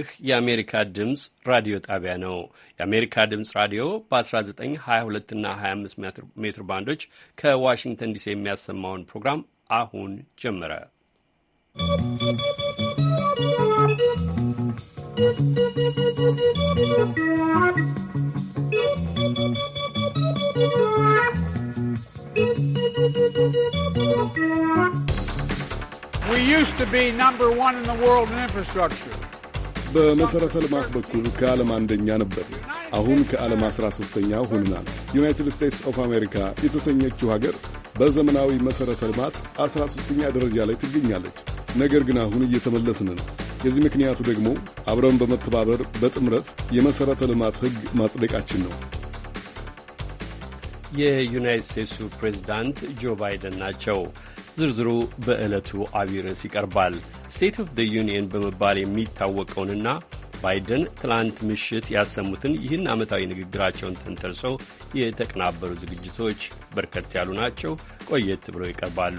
ይህ የአሜሪካ ድምፅ ራዲዮ ጣቢያ ነው። የአሜሪካ ድምፅ ራዲዮ በ1922 እና 25 ሜትር ባንዶች ከዋሽንግተን ዲሲ የሚያሰማውን ፕሮግራም አሁን ጀመረ። We used to be number one in the world in infrastructure. በመሠረተ ልማት በኩል ከዓለም አንደኛ ነበር። አሁን ከዓለም አስራ ሦስተኛ ሆንናል። ዩናይትድ ስቴትስ ኦፍ አሜሪካ የተሰኘችው ሀገር በዘመናዊ መሠረተ ልማት አስራ ሦስተኛ ደረጃ ላይ ትገኛለች። ነገር ግን አሁን እየተመለስን ነው። የዚህ ምክንያቱ ደግሞ አብረን በመተባበር በጥምረት የመሠረተ ልማት ሕግ ማጽደቃችን ነው። የዩናይትድ ስቴትሱ ፕሬዚዳንት ጆ ባይደን ናቸው። ዝርዝሩ በዕለቱ አብይ ርዕስ ይቀርባል። ስቴት ኦፍ ዘ ዩኒየን በመባል የሚታወቀውንና ባይደን ትላንት ምሽት ያሰሙትን ይህን ዓመታዊ ንግግራቸውን ተንተርሰው የተቀናበሩ ዝግጅቶች በርከት ያሉ ናቸው። ቆየት ብለው ይቀርባሉ።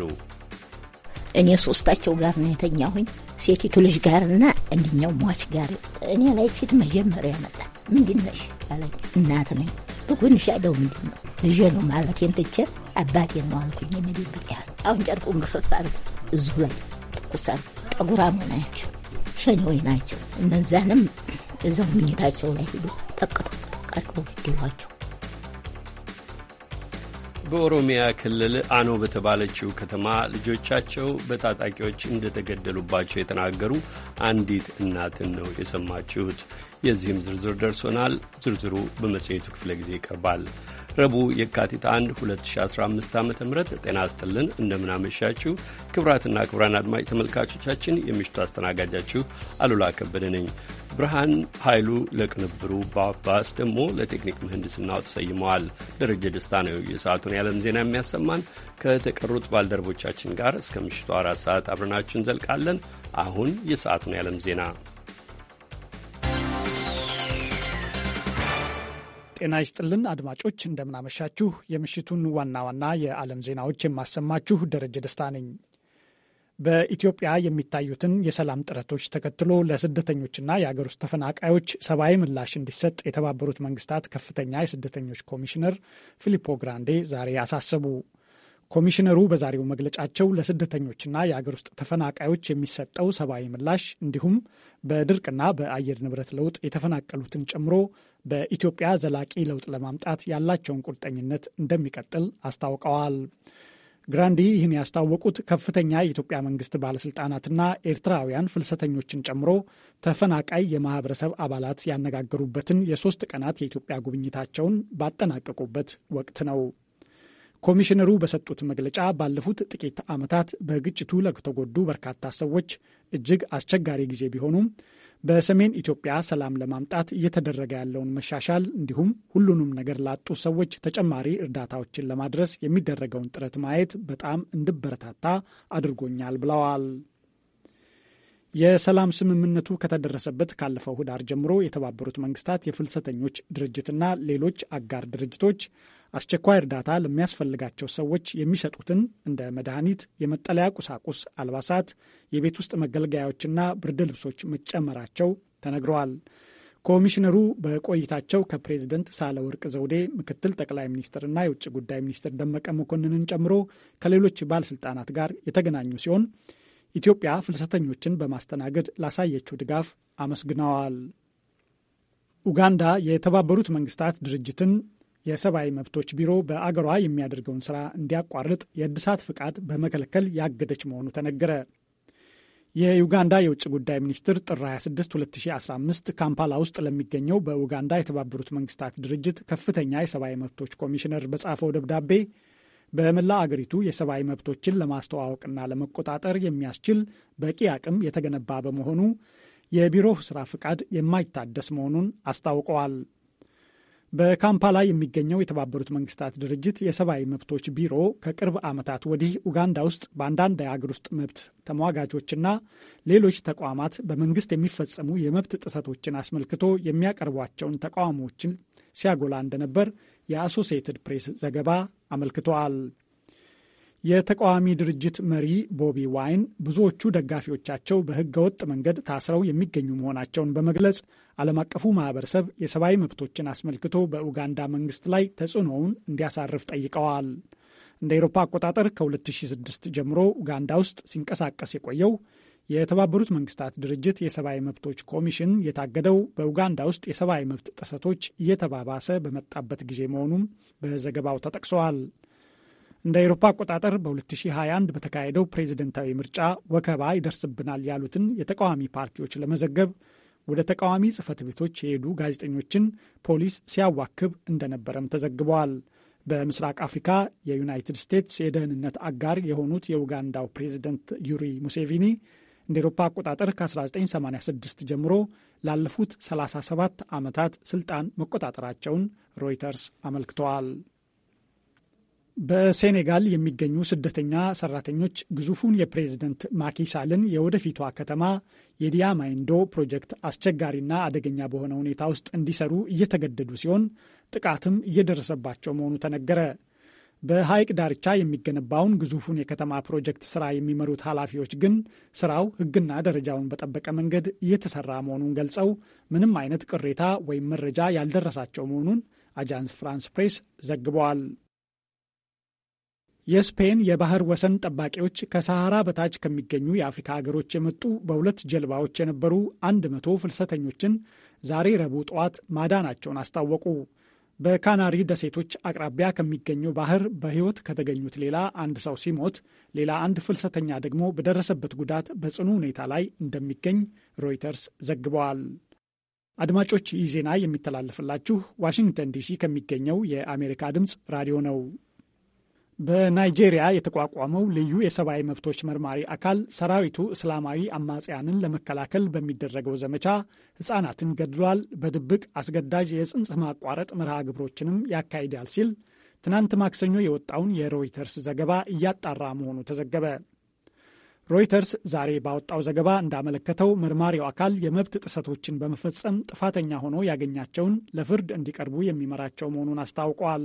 እኔ ሶስታቸው ጋር ነው የተኛሁኝ፣ ሴቲቱ ልጅ ጋር ጋርና እንዲኛው ሟች ጋር። እኔ ላይ ፊት መጀመሪያ መጣ። ምንድን ነሽ አለኝ። እናት ነኝ። በጎንሽ ያለው ምንድን ነው? ልጄ ነው ማለት ትቼ አባቴ ነው አልኩኝ። የሚል ያህል አሁን ጨርቁን ግፈፍ አርጉ፣ እዚሁ ላይ ትኩስ አርጉ። ጠጉራሙ ናቸው፣ ሸኔዎች ናቸው። እነዛንም እዛው ምኝታቸው ላይ ሂዱ ጠቅጠቅ ቀርቦ ግድሏቸው። በኦሮሚያ ክልል አኖ በተባለችው ከተማ ልጆቻቸው በታጣቂዎች እንደተገደሉባቸው የተናገሩ አንዲት እናትን ነው የሰማችሁት። የዚህም ዝርዝር ደርሶናል። ዝርዝሩ በመጽሔቱ ክፍለ ጊዜ ይቀርባል። ረቡዕ የካቲት 1 2015 ዓ ም ጤና ስጥልን እንደምናመሻችሁ ክብራትና ክብራን አድማጭ ተመልካቾቻችን የምሽቱ አስተናጋጃችሁ አሉላ ከበደ ነኝ። ብርሃን ኃይሉ ለቅንብሩ፣ ባባስ ደግሞ ለቴክኒክ ምህንድስናው ተሰይመዋል። ደረጀ ደስታ ነው የሰዓቱን የዓለም ዜና የሚያሰማን። ከተቀሩት ባልደረቦቻችን ጋር እስከ ምሽቱ አራት ሰዓት አብረናችሁ እንዘልቃለን። አሁን የሰዓቱን የዓለም ዜና ጤና ይስጥልን አድማጮች፣ እንደምናመሻችሁ። የምሽቱን ዋና ዋና የዓለም ዜናዎች የማሰማችሁ ደረጀ ደስታ ነኝ። በኢትዮጵያ የሚታዩትን የሰላም ጥረቶች ተከትሎ ለስደተኞችና የአገር ውስጥ ተፈናቃዮች ሰብአዊ ምላሽ እንዲሰጥ የተባበሩት መንግስታት ከፍተኛ የስደተኞች ኮሚሽነር ፊሊፖ ግራንዴ ዛሬ አሳሰቡ። ኮሚሽነሩ በዛሬው መግለጫቸው ለስደተኞችና የአገር ውስጥ ተፈናቃዮች የሚሰጠው ሰብአዊ ምላሽ እንዲሁም በድርቅና በአየር ንብረት ለውጥ የተፈናቀሉትን ጨምሮ በኢትዮጵያ ዘላቂ ለውጥ ለማምጣት ያላቸውን ቁርጠኝነት እንደሚቀጥል አስታውቀዋል። ግራንዲ ይህን ያስታወቁት ከፍተኛ የኢትዮጵያ መንግስት ባለስልጣናትና ኤርትራውያን ፍልሰተኞችን ጨምሮ ተፈናቃይ የማህበረሰብ አባላት ያነጋገሩበትን የሶስት ቀናት የኢትዮጵያ ጉብኝታቸውን ባጠናቀቁበት ወቅት ነው። ኮሚሽነሩ በሰጡት መግለጫ ባለፉት ጥቂት ዓመታት በግጭቱ ለተጎዱ በርካታ ሰዎች እጅግ አስቸጋሪ ጊዜ ቢሆኑም በሰሜን ኢትዮጵያ ሰላም ለማምጣት እየተደረገ ያለውን መሻሻል እንዲሁም ሁሉንም ነገር ላጡ ሰዎች ተጨማሪ እርዳታዎችን ለማድረስ የሚደረገውን ጥረት ማየት በጣም እንድበረታታ አድርጎኛል ብለዋል። የሰላም ስምምነቱ ከተደረሰበት ካለፈው ህዳር ጀምሮ የተባበሩት መንግስታት የፍልሰተኞች ድርጅትና ሌሎች አጋር ድርጅቶች አስቸኳይ እርዳታ ለሚያስፈልጋቸው ሰዎች የሚሰጡትን እንደ መድኃኒት፣ የመጠለያ ቁሳቁስ፣ አልባሳት፣ የቤት ውስጥ መገልገያዎችና ብርድ ልብሶች መጨመራቸው ተነግረዋል። ኮሚሽነሩ በቆይታቸው ከፕሬዝደንት ሳህለወርቅ ዘውዴ፣ ምክትል ጠቅላይ ሚኒስትርና የውጭ ጉዳይ ሚኒስትር ደመቀ መኮንንን ጨምሮ ከሌሎች ባለስልጣናት ጋር የተገናኙ ሲሆን ኢትዮጵያ ፍልሰተኞችን በማስተናገድ ላሳየችው ድጋፍ አመስግነዋል። ኡጋንዳ የተባበሩት መንግስታት ድርጅትን የሰብአዊ መብቶች ቢሮ በአገሯ የሚያደርገውን ስራ እንዲያቋርጥ የእድሳት ፍቃድ በመከልከል ያገደች መሆኑ ተነገረ። የዩጋንዳ የውጭ ጉዳይ ሚኒስትር ጥር 26 2015 ካምፓላ ውስጥ ለሚገኘው በኡጋንዳ የተባበሩት መንግስታት ድርጅት ከፍተኛ የሰብአዊ መብቶች ኮሚሽነር በጻፈው ደብዳቤ በመላ አገሪቱ የሰብአዊ መብቶችን ለማስተዋወቅና ለመቆጣጠር የሚያስችል በቂ አቅም የተገነባ በመሆኑ የቢሮው ስራ ፍቃድ የማይታደስ መሆኑን አስታውቀዋል። በካምፓላ የሚገኘው የተባበሩት መንግስታት ድርጅት የሰብአዊ መብቶች ቢሮ ከቅርብ ዓመታት ወዲህ ኡጋንዳ ውስጥ በአንዳንድ የአገር ውስጥ መብት ተሟጋጆችና ሌሎች ተቋማት በመንግስት የሚፈጸሙ የመብት ጥሰቶችን አስመልክቶ የሚያቀርቧቸውን ተቃውሞዎችን ሲያጎላ እንደነበር የአሶሲየትድ ፕሬስ ዘገባ አመልክተዋል። የተቃዋሚ ድርጅት መሪ ቦቢ ዋይን ብዙዎቹ ደጋፊዎቻቸው በህገወጥ መንገድ ታስረው የሚገኙ መሆናቸውን በመግለጽ ዓለም አቀፉ ማህበረሰብ የሰብአዊ መብቶችን አስመልክቶ በኡጋንዳ መንግስት ላይ ተጽዕኖውን እንዲያሳርፍ ጠይቀዋል። እንደ ኤሮፓ አቆጣጠር ከ2006 ጀምሮ ኡጋንዳ ውስጥ ሲንቀሳቀስ የቆየው የተባበሩት መንግስታት ድርጅት የሰብአዊ መብቶች ኮሚሽን የታገደው በኡጋንዳ ውስጥ የሰብአዊ መብት ጥሰቶች እየተባባሰ በመጣበት ጊዜ መሆኑም በዘገባው ተጠቅሰዋል። እንደ ኤሮፓ አቆጣጠር በ2021 በተካሄደው ፕሬዝደንታዊ ምርጫ ወከባ ይደርስብናል ያሉትን የተቃዋሚ ፓርቲዎች ለመዘገብ ወደ ተቃዋሚ ጽህፈት ቤቶች የሄዱ ጋዜጠኞችን ፖሊስ ሲያዋክብ እንደነበረም ተዘግበዋል። በምስራቅ አፍሪካ የዩናይትድ ስቴትስ የደህንነት አጋር የሆኑት የኡጋንዳው ፕሬዚደንት ዩሪ ሙሴቪኒ እንደ ኤሮፓ አቆጣጠር ከ1986 ጀምሮ ላለፉት 37 ዓመታት ስልጣን መቆጣጠራቸውን ሮይተርስ አመልክተዋል። በሴኔጋል የሚገኙ ስደተኛ ሰራተኞች ግዙፉን የፕሬዝደንት ማኪሳልን የወደፊቷ ከተማ የዲያማይንዶ ፕሮጀክት አስቸጋሪና አደገኛ በሆነ ሁኔታ ውስጥ እንዲሰሩ እየተገደዱ ሲሆን ጥቃትም እየደረሰባቸው መሆኑ ተነገረ። በሐይቅ ዳርቻ የሚገነባውን ግዙፉን የከተማ ፕሮጀክት ስራ የሚመሩት ኃላፊዎች ግን ስራው ሕግና ደረጃውን በጠበቀ መንገድ እየተሰራ መሆኑን ገልጸው ምንም አይነት ቅሬታ ወይም መረጃ ያልደረሳቸው መሆኑን አጃንስ ፍራንስ ፕሬስ ዘግበዋል። የስፔን የባህር ወሰን ጠባቂዎች ከሰሃራ በታች ከሚገኙ የአፍሪካ ሀገሮች የመጡ በሁለት ጀልባዎች የነበሩ 100 ፍልሰተኞችን ዛሬ ረቡዕ ጠዋት ማዳናቸውን አስታወቁ። በካናሪ ደሴቶች አቅራቢያ ከሚገኘው ባህር በሕይወት ከተገኙት ሌላ አንድ ሰው ሲሞት ሌላ አንድ ፍልሰተኛ ደግሞ በደረሰበት ጉዳት በጽኑ ሁኔታ ላይ እንደሚገኝ ሮይተርስ ዘግበዋል። አድማጮች ይህ ዜና የሚተላለፍላችሁ ዋሽንግተን ዲሲ ከሚገኘው የአሜሪካ ድምፅ ራዲዮ ነው። በናይጄሪያ የተቋቋመው ልዩ የሰብአዊ መብቶች መርማሪ አካል ሰራዊቱ እስላማዊ አማጽያንን ለመከላከል በሚደረገው ዘመቻ ሕፃናትን ገድሏል፣ በድብቅ አስገዳጅ የጽንስ ማቋረጥ መርሃ ግብሮችንም ያካሂዳል ሲል ትናንት ማክሰኞ የወጣውን የሮይተርስ ዘገባ እያጣራ መሆኑ ተዘገበ። ሮይተርስ ዛሬ ባወጣው ዘገባ እንዳመለከተው መርማሪው አካል የመብት ጥሰቶችን በመፈጸም ጥፋተኛ ሆኖ ያገኛቸውን ለፍርድ እንዲቀርቡ የሚመራቸው መሆኑን አስታውቋል።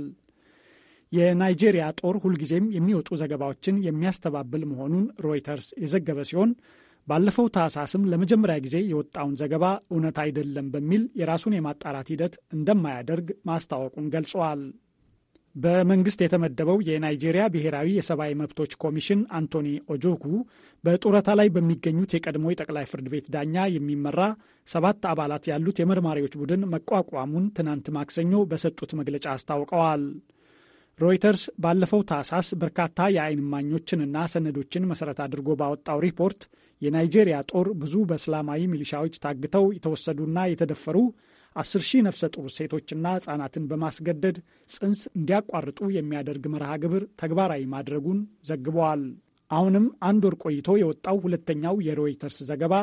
የናይጄሪያ ጦር ሁልጊዜም የሚወጡ ዘገባዎችን የሚያስተባብል መሆኑን ሮይተርስ የዘገበ ሲሆን ባለፈው ታህሳስም ለመጀመሪያ ጊዜ የወጣውን ዘገባ እውነት አይደለም በሚል የራሱን የማጣራት ሂደት እንደማያደርግ ማስታወቁን ገልጸዋል። በመንግስት የተመደበው የናይጄሪያ ብሔራዊ የሰብአዊ መብቶች ኮሚሽን አንቶኒ ኦጆኩ በጡረታ ላይ በሚገኙት የቀድሞ የጠቅላይ ፍርድ ቤት ዳኛ የሚመራ ሰባት አባላት ያሉት የመርማሪዎች ቡድን መቋቋሙን ትናንት ማክሰኞ በሰጡት መግለጫ አስታውቀዋል። ሮይተርስ ባለፈው ታህሳስ በርካታ የአይን ማኞችንና ሰነዶችን መሠረት አድርጎ ባወጣው ሪፖርት የናይጄሪያ ጦር ብዙ በእስላማዊ ሚሊሻዎች ታግተው የተወሰዱና የተደፈሩ አስር ሺህ ነፍሰ ጡር ሴቶችና ሕፃናትን በማስገደድ ጽንስ እንዲያቋርጡ የሚያደርግ መርሃ ግብር ተግባራዊ ማድረጉን ዘግበዋል። አሁንም አንድ ወር ቆይቶ የወጣው ሁለተኛው የሮይተርስ ዘገባ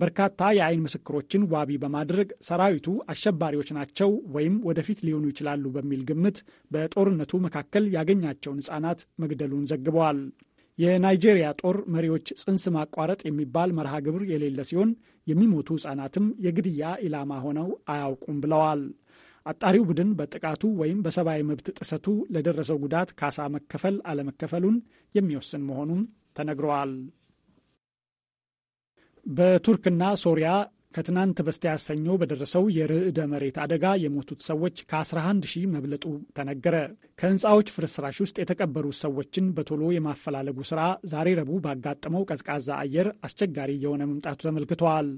በርካታ የአይን ምስክሮችን ዋቢ በማድረግ ሰራዊቱ አሸባሪዎች ናቸው ወይም ወደፊት ሊሆኑ ይችላሉ በሚል ግምት በጦርነቱ መካከል ያገኛቸውን ሕጻናት መግደሉን ዘግበዋል። የናይጄሪያ ጦር መሪዎች ጽንስ ማቋረጥ የሚባል መርሃ ግብር የሌለ ሲሆን የሚሞቱ ሕጻናትም የግድያ ኢላማ ሆነው አያውቁም ብለዋል። አጣሪው ቡድን በጥቃቱ ወይም በሰብአዊ መብት ጥሰቱ ለደረሰው ጉዳት ካሳ መከፈል አለመከፈሉን የሚወስን መሆኑም ተነግረዋል። በቱርክና ሶሪያ ከትናንት በስቲያ ሰኞ በደረሰው የርዕደ መሬት አደጋ የሞቱት ሰዎች ከ11 ሺህ መብለጡ ተነገረ። ከህንፃዎች ፍርስራሽ ውስጥ የተቀበሩ ሰዎችን በቶሎ የማፈላለጉ ሥራ ዛሬ ረቡዕ ባጋጠመው ቀዝቃዛ አየር አስቸጋሪ የሆነ መምጣቱ ተመልክተዋል።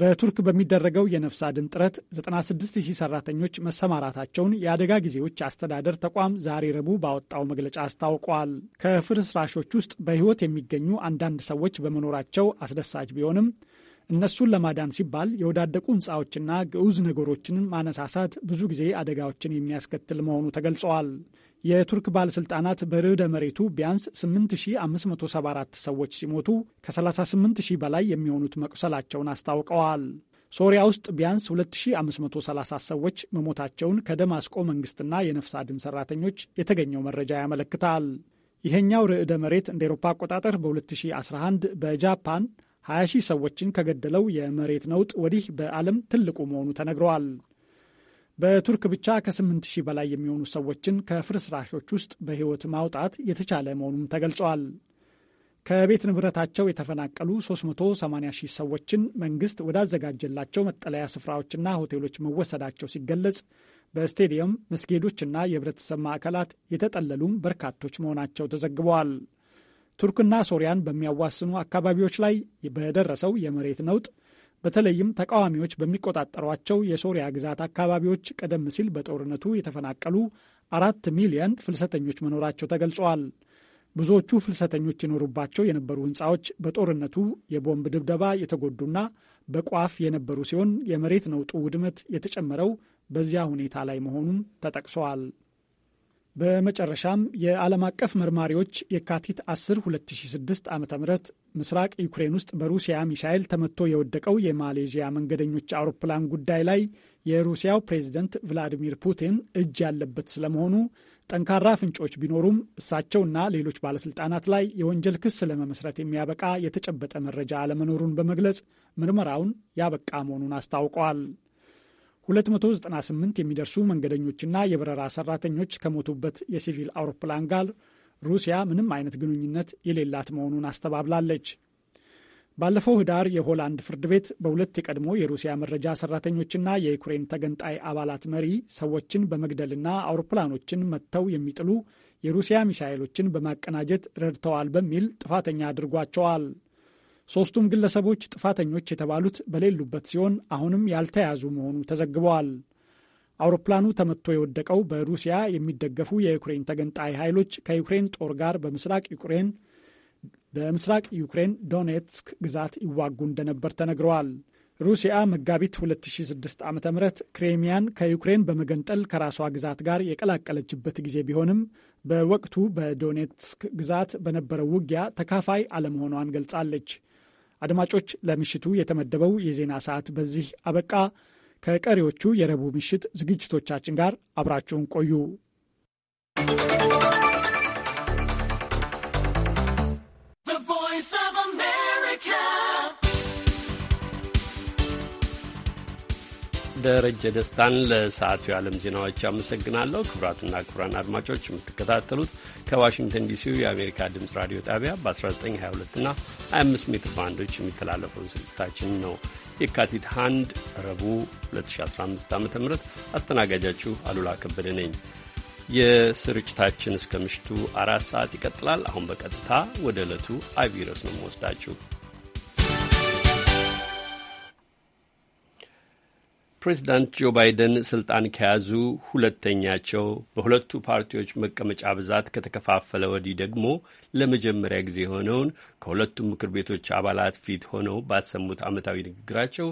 በቱርክ በሚደረገው የነፍስ አድን ጥረት 96000 ሰራተኞች መሰማራታቸውን የአደጋ ጊዜዎች አስተዳደር ተቋም ዛሬ ረቡዕ ባወጣው መግለጫ አስታውቋል። ከፍርስራሾች ውስጥ በሕይወት የሚገኙ አንዳንድ ሰዎች በመኖራቸው አስደሳች ቢሆንም እነሱን ለማዳን ሲባል የወዳደቁ ሕንፃዎችና ግዑዝ ነገሮችን ማነሳሳት ብዙ ጊዜ አደጋዎችን የሚያስከትል መሆኑ ተገልጸዋል። የቱርክ ባለሥልጣናት በርዕደ መሬቱ ቢያንስ 8574 ሰዎች ሲሞቱ ከ38000 በላይ የሚሆኑት መቁሰላቸውን አስታውቀዋል። ሶሪያ ውስጥ ቢያንስ 2530 ሰዎች መሞታቸውን ከደማስቆ መንግስትና የነፍስ አድን ሰራተኞች የተገኘው መረጃ ያመለክታል። ይሄኛው ርዕደ መሬት እንደ ኤሮፓ አቆጣጠር በ2011 በጃፓን 20 ሺህ ሰዎችን ከገደለው የመሬት ነውጥ ወዲህ በዓለም ትልቁ መሆኑ ተነግረዋል። በቱርክ ብቻ ከ8 ሺህ በላይ የሚሆኑ ሰዎችን ከፍርስራሾች ውስጥ በሕይወት ማውጣት የተቻለ መሆኑም ተገልጿል። ከቤት ንብረታቸው የተፈናቀሉ 380 ሺህ ሰዎችን መንግሥት ወዳዘጋጀላቸው መጠለያ ስፍራዎችና ሆቴሎች መወሰዳቸው ሲገለጽ በስቴዲየም መስጌዶችና የህብረተሰብ ማዕከላት የተጠለሉም በርካቶች መሆናቸው ተዘግበዋል። ቱርክና ሶሪያን በሚያዋስኑ አካባቢዎች ላይ በደረሰው የመሬት ነውጥ በተለይም ተቃዋሚዎች በሚቆጣጠሯቸው የሶሪያ ግዛት አካባቢዎች ቀደም ሲል በጦርነቱ የተፈናቀሉ አራት ሚሊዮን ፍልሰተኞች መኖራቸው ተገልጸዋል። ብዙዎቹ ፍልሰተኞች ይኖሩባቸው የነበሩ ሕንፃዎች በጦርነቱ የቦምብ ድብደባ የተጎዱና በቋፍ የነበሩ ሲሆን የመሬት ነውጡ ውድመት የተጨመረው በዚያ ሁኔታ ላይ መሆኑም ተጠቅሷል። በመጨረሻም የዓለም አቀፍ መርማሪዎች የካቲት 10 2006 ዓ ም ምስራቅ ዩክሬን ውስጥ በሩሲያ ሚሳይል ተመቶ የወደቀው የማሌዥያ መንገደኞች አውሮፕላን ጉዳይ ላይ የሩሲያው ፕሬዝደንት ቭላዲሚር ፑቲን እጅ ያለበት ስለመሆኑ ጠንካራ ፍንጮች ቢኖሩም እሳቸውና ሌሎች ባለስልጣናት ላይ የወንጀል ክስ ለመመስረት የሚያበቃ የተጨበጠ መረጃ አለመኖሩን በመግለጽ ምርመራውን ያበቃ መሆኑን አስታውቀዋል። 298 የሚደርሱ መንገደኞችና የበረራ ሰራተኞች ከሞቱበት የሲቪል አውሮፕላን ጋር ሩሲያ ምንም አይነት ግንኙነት የሌላት መሆኑን አስተባብላለች። ባለፈው ህዳር የሆላንድ ፍርድ ቤት በሁለት የቀድሞ የሩሲያ መረጃ ሰራተኞችና የዩክሬን ተገንጣይ አባላት መሪ ሰዎችን በመግደልና አውሮፕላኖችን መጥተው የሚጥሉ የሩሲያ ሚሳይሎችን በማቀናጀት ረድተዋል በሚል ጥፋተኛ አድርጓቸዋል። ሦስቱም ግለሰቦች ጥፋተኞች የተባሉት በሌሉበት ሲሆን አሁንም ያልተያዙ መሆኑ ተዘግበዋል። አውሮፕላኑ ተመትቶ የወደቀው በሩሲያ የሚደገፉ የዩክሬን ተገንጣይ ኃይሎች ከዩክሬን ጦር ጋር በምስራቅ ዩክሬን በምስራቅ ዩክሬን ዶኔትስክ ግዛት ይዋጉ እንደነበር ተነግረዋል። ሩሲያ መጋቢት 2006 ዓ ም ክሬሚያን ከዩክሬን በመገንጠል ከራሷ ግዛት ጋር የቀላቀለችበት ጊዜ ቢሆንም በወቅቱ በዶኔትስክ ግዛት በነበረው ውጊያ ተካፋይ አለመሆኗን ገልጻለች። አድማጮች፣ ለምሽቱ የተመደበው የዜና ሰዓት በዚህ አበቃ። ከቀሪዎቹ የረቡዕ ምሽት ዝግጅቶቻችን ጋር አብራችሁን ቆዩ። ደረጀ ደስታን ለሰዓቱ የዓለም ዜናዎች አመሰግናለሁ። ክቡራትና ክቡራን አድማጮች የምትከታተሉት ከዋሽንግተን ዲሲው የአሜሪካ ድምፅ ራዲዮ ጣቢያ በ1922ና 25 ሜትር ባንዶች የሚተላለፈውን ስርጭታችን ነው። የካቲት 1 ረቡዕ 2015 ዓ ም አስተናጋጃችሁ አሉላ ከበደ ነኝ። የስርጭታችን እስከ ምሽቱ አራት ሰዓት ይቀጥላል። አሁን በቀጥታ ወደ ዕለቱ አብይ ርዕስ ነው የምወስዳችሁ። ፕሬዚዳንት ጆ ባይደን ስልጣን ከያዙ ሁለተኛቸው በሁለቱ ፓርቲዎች መቀመጫ ብዛት ከተከፋፈለ ወዲህ ደግሞ ለመጀመሪያ ጊዜ የሆነውን ከሁለቱም ምክር ቤቶች አባላት ፊት ሆነው ባሰሙት ዓመታዊ ንግግራቸው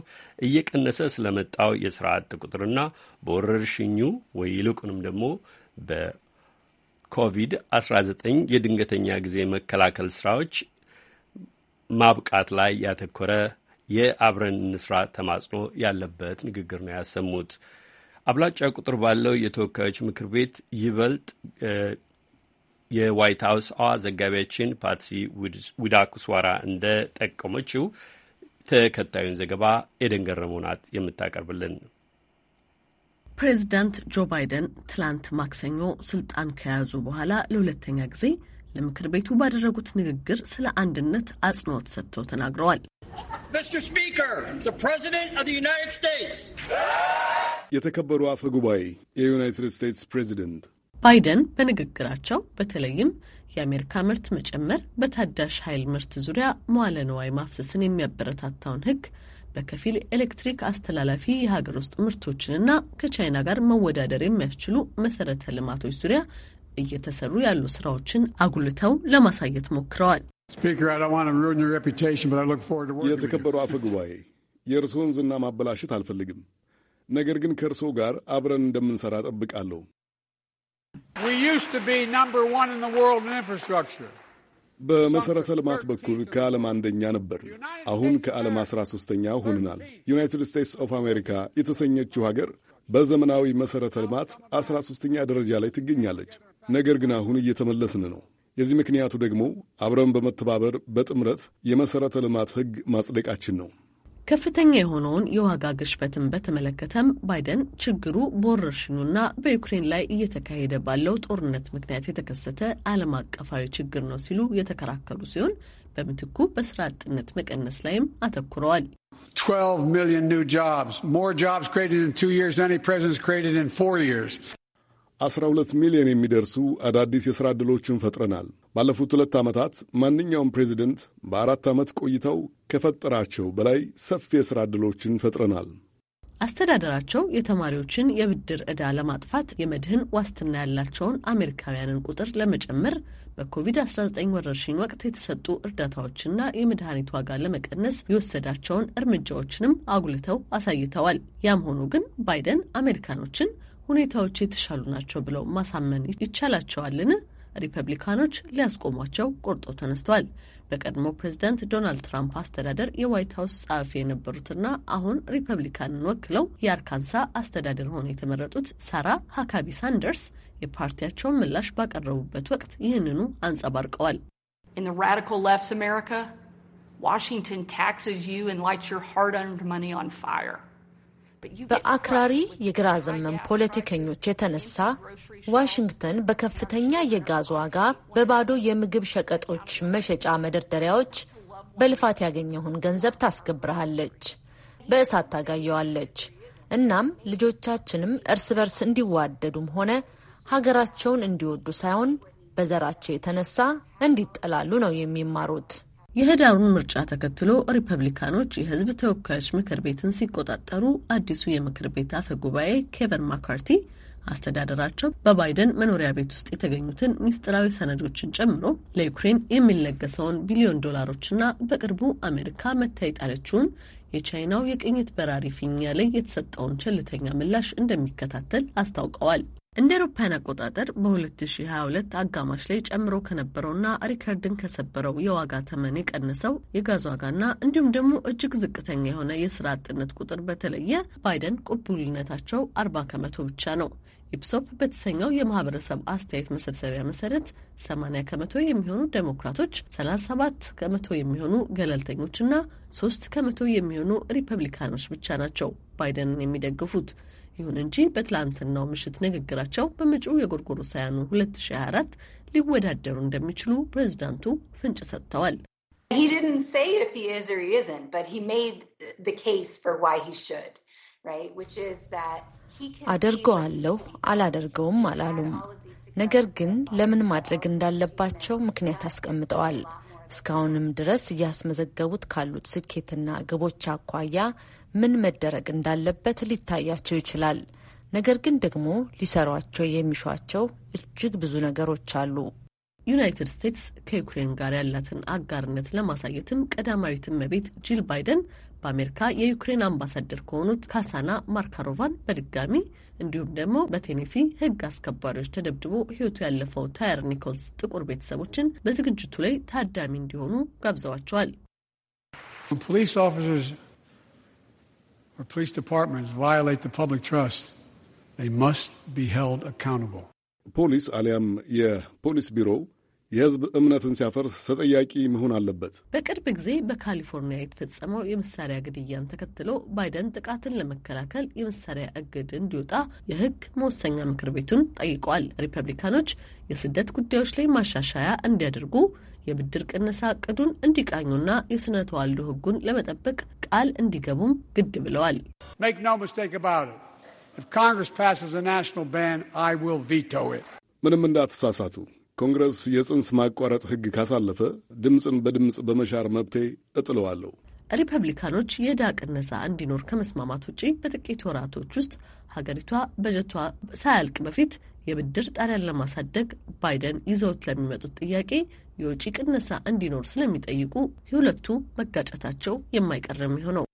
እየቀነሰ ስለመጣው የስራ አጥ ቁጥርና በወረርሽኙ ወይ ይልቁንም ደግሞ በኮቪድ-19 የድንገተኛ ጊዜ መከላከል ስራዎች ማብቃት ላይ ያተኮረ የአብረን እንስራ ተማጽኖ ያለበት ንግግር ነው ያሰሙት። አብላጫ ቁጥር ባለው የተወካዮች ምክር ቤት ይበልጥ የዋይት ሀውስ አዋ ዘጋቢያችን ፓትሲ ዊዳኩስዋራ እንደ ጠቀመችው ተከታዩን ዘገባ ኤደን ገረመው ናት የምታቀርብልን። ፕሬዚዳንት ጆ ባይደን ትላንት ማክሰኞ ስልጣን ከያዙ በኋላ ለሁለተኛ ጊዜ ለምክር ቤቱ ባደረጉት ንግግር ስለ አንድነት አጽንኦት ሰጥተው ተናግረዋል። የተከበሩ አፈ ጉባኤ፣ የዩናይትድ ስቴትስ ፕሬዚደንት ባይደን በንግግራቸው በተለይም የአሜሪካ ምርት መጨመር፣ በታዳሽ ኃይል ምርት ዙሪያ መዋለ ንዋይ ማፍሰስን የሚያበረታታውን ሕግ በከፊል ኤሌክትሪክ አስተላላፊ የሀገር ውስጥ ምርቶችንና ከቻይና ጋር መወዳደር የሚያስችሉ መሰረተ ልማቶች ዙሪያ እየተሰሩ ያሉ ስራዎችን አጉልተው ለማሳየት ሞክረዋል። የተከበሩ አፈ ጉባኤ፣ የእርስዎን ዝና ማበላሸት አልፈልግም፣ ነገር ግን ከእርስዎ ጋር አብረን እንደምንሰራ ጠብቃለሁ። በመሠረተ ልማት በኩል ከዓለም አንደኛ ነበር። አሁን ከዓለም አስራ ሦስተኛ ሆንናል። ዩናይትድ ስቴትስ ኦፍ አሜሪካ የተሰኘችው ሀገር በዘመናዊ መሠረተ ልማት አስራ ሦስተኛ ደረጃ ላይ ትገኛለች። ነገር ግን አሁን እየተመለስን ነው። የዚህ ምክንያቱ ደግሞ አብረን በመተባበር በጥምረት የመሠረተ ልማት ሕግ ማጽደቃችን ነው። ከፍተኛ የሆነውን የዋጋ ግሽበትን በተመለከተም ባይደን ችግሩ በወረርሽኙና በዩክሬን ላይ እየተካሄደ ባለው ጦርነት ምክንያት የተከሰተ ዓለም አቀፋዊ ችግር ነው ሲሉ የተከራከሩ ሲሆን በምትኩ በስራ አጥነት መቀነስ ላይም አተኩረዋል። 12 ሚሊዮን የሚደርሱ አዳዲስ የሥራ ዕድሎችን ፈጥረናል። ባለፉት ሁለት ዓመታት ማንኛውም ፕሬዚደንት በአራት ዓመት ቆይተው ከፈጠራቸው በላይ ሰፊ የሥራ ዕድሎችን ፈጥረናል። አስተዳደራቸው የተማሪዎችን የብድር ዕዳ ለማጥፋት የመድህን ዋስትና ያላቸውን አሜሪካውያንን ቁጥር ለመጨመር በኮቪድ-19 ወረርሽኝ ወቅት የተሰጡ እርዳታዎችና የመድኃኒት ዋጋ ለመቀነስ የወሰዳቸውን እርምጃዎችንም አጉልተው አሳይተዋል። ያም ሆኖ ግን ባይደን አሜሪካኖችን ሁኔታዎች የተሻሉ ናቸው ብለው ማሳመን ይቻላቸዋልን? ሪፐብሊካኖች ሊያስቆሟቸው ቆርጦ ተነስተዋል። በቀድሞ ፕሬዚዳንት ዶናልድ ትራምፕ አስተዳደር የዋይት ሀውስ ጸሐፊ የነበሩትና አሁን ሪፐብሊካንን ወክለው የአርካንሳ አስተዳደር ሆነው የተመረጡት ሳራ ሀካቢ ሳንደርስ የፓርቲያቸውን ምላሽ ባቀረቡበት ወቅት ይህንኑ አንጸባርቀዋል። ዋሽንግተን ታክስ ዩ ን ላይትስ ዮር ሃርድ earned money በአክራሪ የግራ ዘመን ፖለቲከኞች የተነሳ ዋሽንግተን በከፍተኛ የጋዝ ዋጋ በባዶ የምግብ ሸቀጦች መሸጫ መደርደሪያዎች በልፋት ያገኘውን ገንዘብ ታስገብረሃለች፣ በእሳት ታጋየዋለች። እናም ልጆቻችንም እርስ በርስ እንዲዋደዱም ሆነ ሀገራቸውን እንዲወዱ ሳይሆን በዘራቸው የተነሳ እንዲጠላሉ ነው የሚማሩት። የህዳሩን ምርጫ ተከትሎ ሪፐብሊካኖች የህዝብ ተወካዮች ምክር ቤትን ሲቆጣጠሩ አዲሱ የምክር ቤት አፈ ጉባኤ ኬቨን ማካርቲ አስተዳደራቸው በባይደን መኖሪያ ቤት ውስጥ የተገኙትን ሚስጥራዊ ሰነዶችን ጨምሮ ለዩክሬን የሚለገሰውን ቢሊዮን ዶላሮችና በቅርቡ አሜሪካ መታ የጣለችውን የቻይናው የቅኝት በራሪ ፊኛ ላይ የተሰጠውን ቸልተኛ ምላሽ እንደሚከታተል አስታውቀዋል። እንደ አውሮፓውያን አቆጣጠር በ2022 አጋማሽ ላይ ጨምሮ ከነበረውና ሪከርድን ከሰበረው የዋጋ ተመን የቀነሰው የጋዝ ዋጋና እንዲሁም ደግሞ እጅግ ዝቅተኛ የሆነ የስራ አጥነት ቁጥር በተለየ ባይደን ቁቡልነታቸው 40 ከመቶ ብቻ ነው። ኢፕሶፕ በተሰኘው የማህበረሰብ አስተያየት መሰብሰቢያ መሰረት 80 ከመቶ የሚሆኑ ዴሞክራቶች፣ 37 ከመቶ የሚሆኑ ገለልተኞችና 3 ከመቶ የሚሆኑ ሪፐብሊካኖች ብቻ ናቸው ባይደንን የሚደግፉት። ይሁን እንጂ በትላንትናው ምሽት ንግግራቸው በመጪው የጎርጎሮሳውያኑ 2024 ሊወዳደሩ እንደሚችሉ ፕሬዚዳንቱ ፍንጭ ሰጥተዋል። አደርገዋለሁ አላደርገውም አላሉም። ነገር ግን ለምን ማድረግ እንዳለባቸው ምክንያት አስቀምጠዋል። እስካሁንም ድረስ እያስመዘገቡት ካሉት ስኬትና ግቦች አኳያ ምን መደረግ እንዳለበት ሊታያቸው ይችላል። ነገር ግን ደግሞ ሊሰሯቸው የሚሿቸው እጅግ ብዙ ነገሮች አሉ። ዩናይትድ ስቴትስ ከዩክሬን ጋር ያላትን አጋርነት ለማሳየትም ቀዳማዊት እመቤት ጂል ባይደን በአሜሪካ የዩክሬን አምባሳደር ከሆኑት ካሳና ማርካሮቫን በድጋሚ እንዲሁም ደግሞ በቴኔሲ ሕግ አስከባሪዎች ተደብድቦ ሕይወቱ ያለፈው ታየር ኒኮልስ ጥቁር ቤተሰቦችን በዝግጅቱ ላይ ታዳሚ እንዲሆኑ ጋብዘዋቸዋል። ፖሊስ or police departments violate the public trust, they must be held accountable. ፖሊስ አሊያም የፖሊስ ቢሮው የህዝብ እምነትን ሲያፈርስ ተጠያቂ መሆን አለበት። በቅርብ ጊዜ በካሊፎርኒያ የተፈጸመው የመሳሪያ ግድያን ተከትሎ ባይደን ጥቃትን ለመከላከል የመሳሪያ እግድ እንዲወጣ የህግ መወሰኛ ምክር ቤቱን ጠይቋል። ሪፐብሊካኖች የስደት ጉዳዮች ላይ ማሻሻያ እንዲያደርጉ የብድር ቅነሳ እቅዱን እንዲቃኙና የስነ ተዋልዶ ህጉን ለመጠበቅ ቃል እንዲገቡም ግድ ብለዋል። ምንም እንዳትሳሳቱ፣ ኮንግረስ የጽንስ ማቋረጥ ሕግ ካሳለፈ ድምፅን በድምፅ በመሻር መብቴ እጥለዋለሁ። ሪፐብሊካኖች የዕዳ ቅነሳ እንዲኖር ከመስማማት ውጪ በጥቂት ወራቶች ውስጥ ሀገሪቷ በጀቷ ሳያልቅ በፊት የብድር ጣሪያን ለማሳደግ ባይደን ይዘውት ለሚመጡት ጥያቄ የውጭ ቅነሳ እንዲኖር ስለሚጠይቁ የሁለቱ መጋጨታቸው የማይቀር ነው የሚሆነው።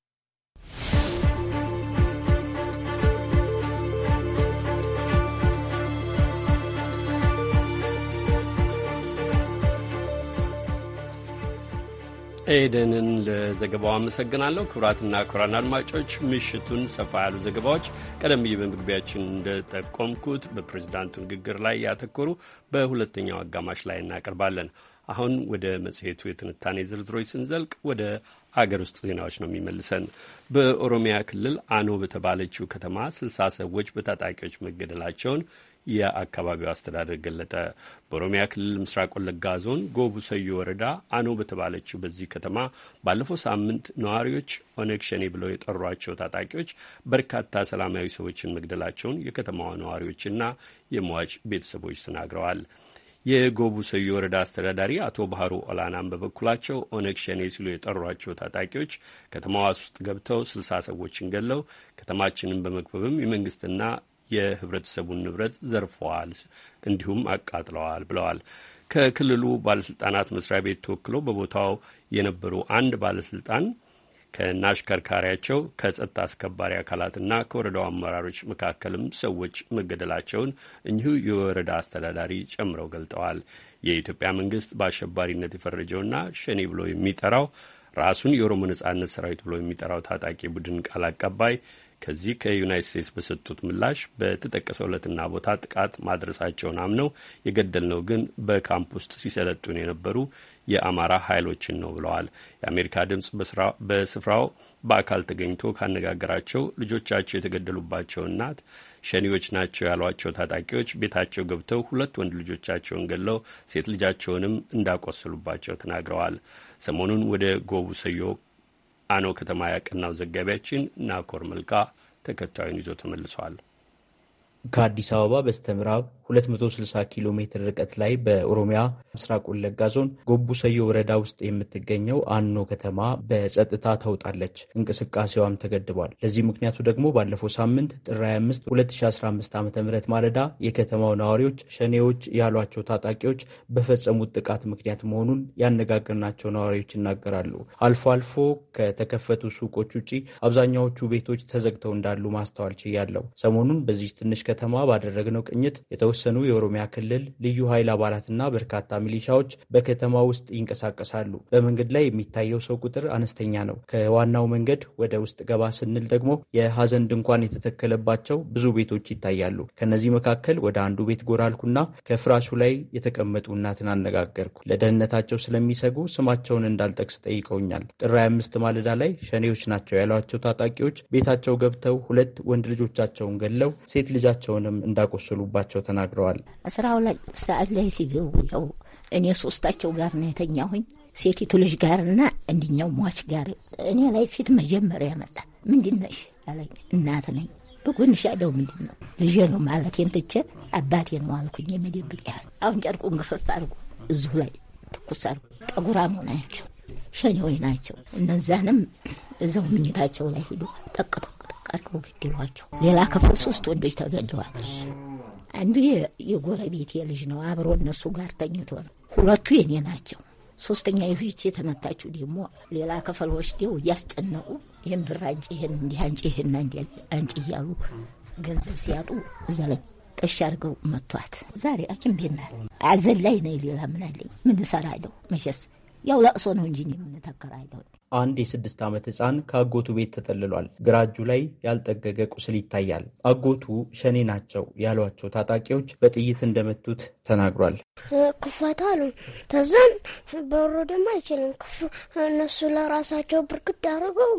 ኤደንን ለዘገባው አመሰግናለሁ። ክቡራትና ክቡራን አድማጮች ምሽቱን ሰፋ ያሉ ዘገባዎች ቀደም ብዬ በመግቢያችን እንደጠቆምኩት በፕሬዚዳንቱ ንግግር ላይ ያተኮሩ በሁለተኛው አጋማሽ ላይ እናቀርባለን። አሁን ወደ መጽሔቱ የትንታኔ ዝርዝሮች ስንዘልቅ ወደ አገር ውስጥ ዜናዎች ነው የሚመልሰን። በኦሮሚያ ክልል አኖ በተባለችው ከተማ ስልሳ ሰዎች በታጣቂዎች መገደላቸውን የአካባቢው አስተዳደር ገለጠ። በኦሮሚያ ክልል ምስራቅ ወለጋ ዞን ጎቡ ሰዩ ወረዳ አኖ በተባለችው በዚህ ከተማ ባለፈው ሳምንት ነዋሪዎች ኦነግ ሸኔ ብለው የጠሯቸው ታጣቂዎች በርካታ ሰላማዊ ሰዎችን መግደላቸውን የከተማዋ ነዋሪዎችና የሟች ቤተሰቦች ተናግረዋል። የጎቡ ሰዩ ወረዳ አስተዳዳሪ አቶ ባህሩ ኦላናም በበኩላቸው ኦነግ ሸኔ ሲሉ የጠሯቸው ታጣቂዎች ከተማዋ ውስጥ ገብተው ስልሳ ሰዎችን ገለው ከተማችንን በመክበብም የመንግስትና የህብረተሰቡን ንብረት ዘርፈዋል፣ እንዲሁም አቃጥለዋል ብለዋል። ከክልሉ ባለስልጣናት መስሪያ ቤት ተወክሎ በቦታው የነበሩ አንድ ባለስልጣን ከናሽከርካሪያቸው ከጸጥታ አስከባሪ አካላትና ከወረዳው አመራሮች መካከልም ሰዎች መገደላቸውን እኚሁ የወረዳ አስተዳዳሪ ጨምረው ገልጠዋል። የኢትዮጵያ መንግስት በአሸባሪነት የፈረጀውና ሸኔ ብሎ የሚጠራው ራሱን የኦሮሞ ነጻነት ሰራዊት ብሎ የሚጠራው ታጣቂ ቡድን ቃል አቀባይ ከዚህ ከዩናይት ስቴትስ በሰጡት ምላሽ በተጠቀሰው ዕለትና ቦታ ጥቃት ማድረሳቸውን አምነው የገደልነው ግን በካምፕ ውስጥ ሲሰለጡን የነበሩ የአማራ ኃይሎችን ነው ብለዋል። የአሜሪካ ድምፅ በስፍራው በአካል ተገኝቶ ካነጋገራቸው ልጆቻቸው የተገደሉባቸው እናት ሸኒዎች ናቸው ያሏቸው ታጣቂዎች ቤታቸው ገብተው ሁለት ወንድ ልጆቻቸውን ገለው ሴት ልጃቸውንም እንዳቆሰሉባቸው ተናግረዋል። ሰሞኑን ወደ ጎቡ ሰዮ አኖ ከተማ ያቀናው ዘጋቢያችን ናኮር መልካ ተከታዩን ይዞ ተመልሷል። ከአዲስ አበባ በስተምዕራብ 260 ኪሎ ሜትር ርቀት ላይ በኦሮሚያ ምስራቅ ወለጋ ዞን ጎቡ ሰዮ ወረዳ ውስጥ የምትገኘው አኖ ከተማ በጸጥታ ተውጣለች። እንቅስቃሴዋም ተገድቧል። ለዚህ ምክንያቱ ደግሞ ባለፈው ሳምንት ጥር 25 2015 ዓ ም ማለዳ የከተማው ነዋሪዎች ሸኔዎች ያሏቸው ታጣቂዎች በፈጸሙት ጥቃት ምክንያት መሆኑን ያነጋገርናቸው ነዋሪዎች ይናገራሉ። አልፎ አልፎ ከተከፈቱ ሱቆች ውጪ አብዛኛዎቹ ቤቶች ተዘግተው እንዳሉ ማስተዋል ችያለው። ሰሞኑን በዚህ ትንሽ ከተማ ባደረግነው ቅኝት የተወ የተወሰኑ የኦሮሚያ ክልል ልዩ ኃይል አባላትና በርካታ ሚሊሻዎች በከተማ ውስጥ ይንቀሳቀሳሉ። በመንገድ ላይ የሚታየው ሰው ቁጥር አነስተኛ ነው። ከዋናው መንገድ ወደ ውስጥ ገባ ስንል ደግሞ የሀዘን ድንኳን የተተከለባቸው ብዙ ቤቶች ይታያሉ። ከነዚህ መካከል ወደ አንዱ ቤት ጎራልኩና ከፍራሹ ላይ የተቀመጡ እናትን አነጋገርኩ። ለደህንነታቸው ስለሚሰጉ ስማቸውን እንዳልጠቅስ ጠይቀውኛል። ጥር አምስት ማለዳ ላይ ሸኔዎች ናቸው ያሏቸው ታጣቂዎች ቤታቸው ገብተው ሁለት ወንድ ልጆቻቸውን ገለው ሴት ልጃቸውንም እንዳቆሰሉባቸው ተናግረዋል። ተናግረዋል። አስራ ሁለት ሰዓት ላይ ሲገቡ ያው እኔ ሶስታቸው ጋር ነው የተኛሁኝ ሴቲቱ ልጅ ጋር እና እንድኛው ሟች ጋር እኔ ላይ ፊት መጀመሪያ መጣ። ምንድን ነሽ አለኝ። እናት ነኝ። በጎንሽ ያለው ምንድን ነው? ልጄ ነው ማለቴን ትቼ አባቴ ነው አልኩኝ። የሚደብቅ ያህል አሁን ጨርቁን ግፍፍ አድርጉ እዚሁ ላይ ትኩስ አድርጉ። ጠጉራሙ ናቸው፣ ሸኔዎች ናቸው። እነዛንም እዛው ምኝታቸው ላይ ሂዱ ጠቅ ጠቅ ጠቅ አድርገው ገደሏቸው። ሌላ ክፍል ሶስት ወንዶች ተገድለዋል። አንዱ የጎረቤቴ ልጅ ነው፣ አብሮ እነሱ ጋር ተኝቶ ነው። ሁለቱ የኔ ናቸው። ሶስተኛ ይህች የተመታችው ደግሞ ሌላ ክፍል ወስደው እያስጨነቁ ይህን ብር አንጭ፣ ይህን እንዲህ አንጭ፣ ይህን አንጭ እያሉ ገንዘብ ሲያጡ እዛ ላይ ጠሽ አድርገው መቷት። ዛሬ አኪም ቤና አዘን ላይ ነው። ሌላ ምን አለኝ? ምን እሰራለሁ? መሸስ ያው ለቅሶ ነው እንጂ የምንተከራለሁ አንድ የስድስት ዓመት ህፃን ከአጎቱ ቤት ተጠልሏል። ግራ እጁ ላይ ያልጠገገ ቁስል ይታያል። አጎቱ ሸኔ ናቸው ያሏቸው ታጣቂዎች በጥይት እንደመቱት ተናግሯል። ክፋት አሉ። ተዛን በሮ ደግሞ አይችልም። ክፉ እነሱ ለራሳቸው ብርግድ አድርገው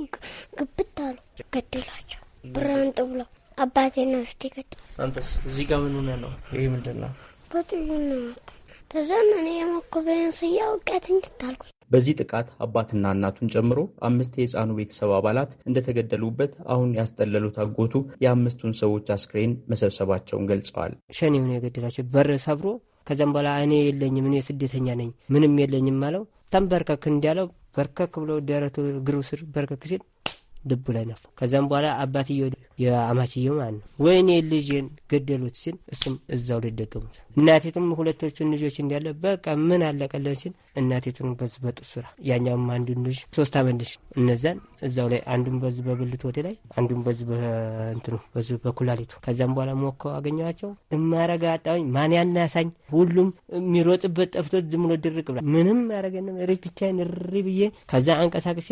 ግብት አሉ። ገደሏቸው። ብራንጥ ብሎ አባቴና ፊት ገደ አንተስ እዚህ ጋር ምን ሆነ ነው? ይህ ምንድን ነው? በጥይት ነው። ተዛን እኔ የሞኩ ስያ እያውቀት እንድታልኩ በዚህ ጥቃት አባትና እናቱን ጨምሮ አምስት የህፃኑ ቤተሰብ አባላት እንደተገደሉበት አሁን ያስጠለሉት አጎቱ የአምስቱን ሰዎች አስክሬን መሰብሰባቸውን ገልጸዋል። ሸኔ ሆነ የገደላቸው በር ሰብሮ ከዚያም በኋላ እኔ የለኝም እኔ ስደተኛ ነኝ ምንም የለኝም አለው። በጣም በርከክ እንዳለው በርከክ ብሎ ደረቱ እግሩ ስር በርከክ ሲል ልቡ ላይ ነፉ። ከዚያም በኋላ አባትየው የአማችየው ማለት ነው ወይኔ ልጅን ገደሉት ሲል እሱም እዛው ልደገሙት እናቴትም ሁለቶቹን ልጆች እንዲያለ በቃ ምን አለቀለን ሲል እናቴቱን በዚህ በጡት ስራ ያኛውም አንዱን ልጅ ሶስት አመት እነዛን እዛው ላይ አንዱን በዚህ በብልት ወደ ላይ አንዱን በዚህ በእንትኑ በዚህ በኩላሊቱ ከዛም በኋላ ሞከ አገኘኋቸው። እማረጋ አጣሁኝ። ማን ያናሳኝ? ሁሉም የሚሮጥበት ጠፍቶት ዝም ብሎ ድርቅ ብላ ምንም ያረገን ሪ ብቻዬን እሪ ብዬ ከዛ አንቀሳቅሴ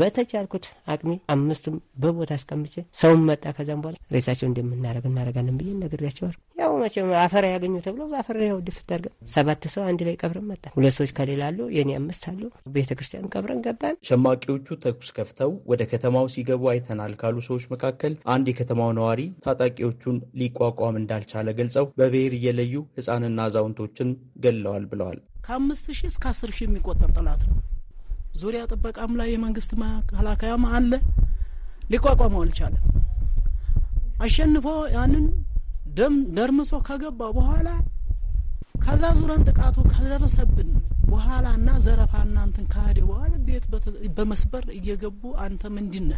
በተቻልኩት አቅሜ አምስቱም በቦታ አስቀምጬ ሰውም መጣ። ከዛም በኋላ ሬሳቸው እንደምናረግ እናረጋለን ብዬ ነግሬያቸው ያው መቼም አፈር ያገኙ ተብሎ በአፈር ያው ድፍት አድርገን ሰባት ሰው አንድ ላይ ቀብረን መጣን። ሁለት ሰዎች ከሌላ አሉ፣ የኔ አምስት አሉ። ቤተ ክርስቲያን ቀብረን ገባን። ሸማቂዎቹ ተኩስ ከፍተው ወደ ከተማው ሲገቡ አይተናል ካሉ ሰዎች መካከል አንድ የከተማው ነዋሪ ታጣቂዎቹን ሊቋቋም እንዳልቻለ ገልጸው በብሔር እየለዩ ህፃንና አዛውንቶችን ገለዋል ብለዋል። ከአምስት ሺህ እስከ አስር ሺህ የሚቆጠር ጠላት ነው። ዙሪያ ጥበቃም ላይ የመንግስት መከላከያም አለ። ሊቋቋመው አልቻለም። አሸንፎ ያንን ደም ደርምሶ ከገባ በኋላ ከዛ ዙረን ጥቃቱ ከደረሰብን በኋላ እና ዘረፋ እናንትን ካሄደ በኋላ ቤት በመስበር እየገቡ አንተ ምንድነ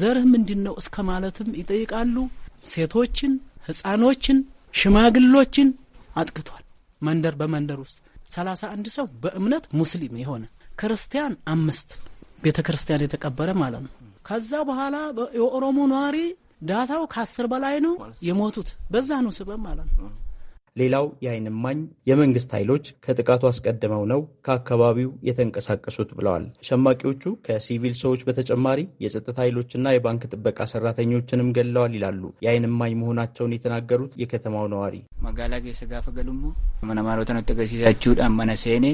ዘርህ ምንድን ነው እስከ ማለትም ይጠይቃሉ። ሴቶችን፣ ህጻኖችን፣ ሽማግሎችን አጥቅቷል። መንደር በመንደር ውስጥ ሰላሳ አንድ ሰው በእምነት ሙስሊም የሆነ ክርስቲያን አምስት ቤተ ክርስቲያን የተቀበረ ማለት ነው። ከዛ በኋላ የኦሮሞ ነዋሪ ዳታው ከአስር በላይ ነው የሞቱት በዛ ነው ስበብ ማለት ነው። ሌላው የአይን እማኝ የመንግስት ኃይሎች ከጥቃቱ አስቀድመው ነው ከአካባቢው የተንቀሳቀሱት ብለዋል። ሸማቂዎቹ ከሲቪል ሰዎች በተጨማሪ የጸጥታ ኃይሎችና የባንክ ጥበቃ ሰራተኞችንም ገለዋል ይላሉ የአይን እማኝ መሆናቸውን የተናገሩት የከተማው ነዋሪ። መጋላ ኬሰ ገሉሞ ተገሲሳችሁዳን መነሴኔ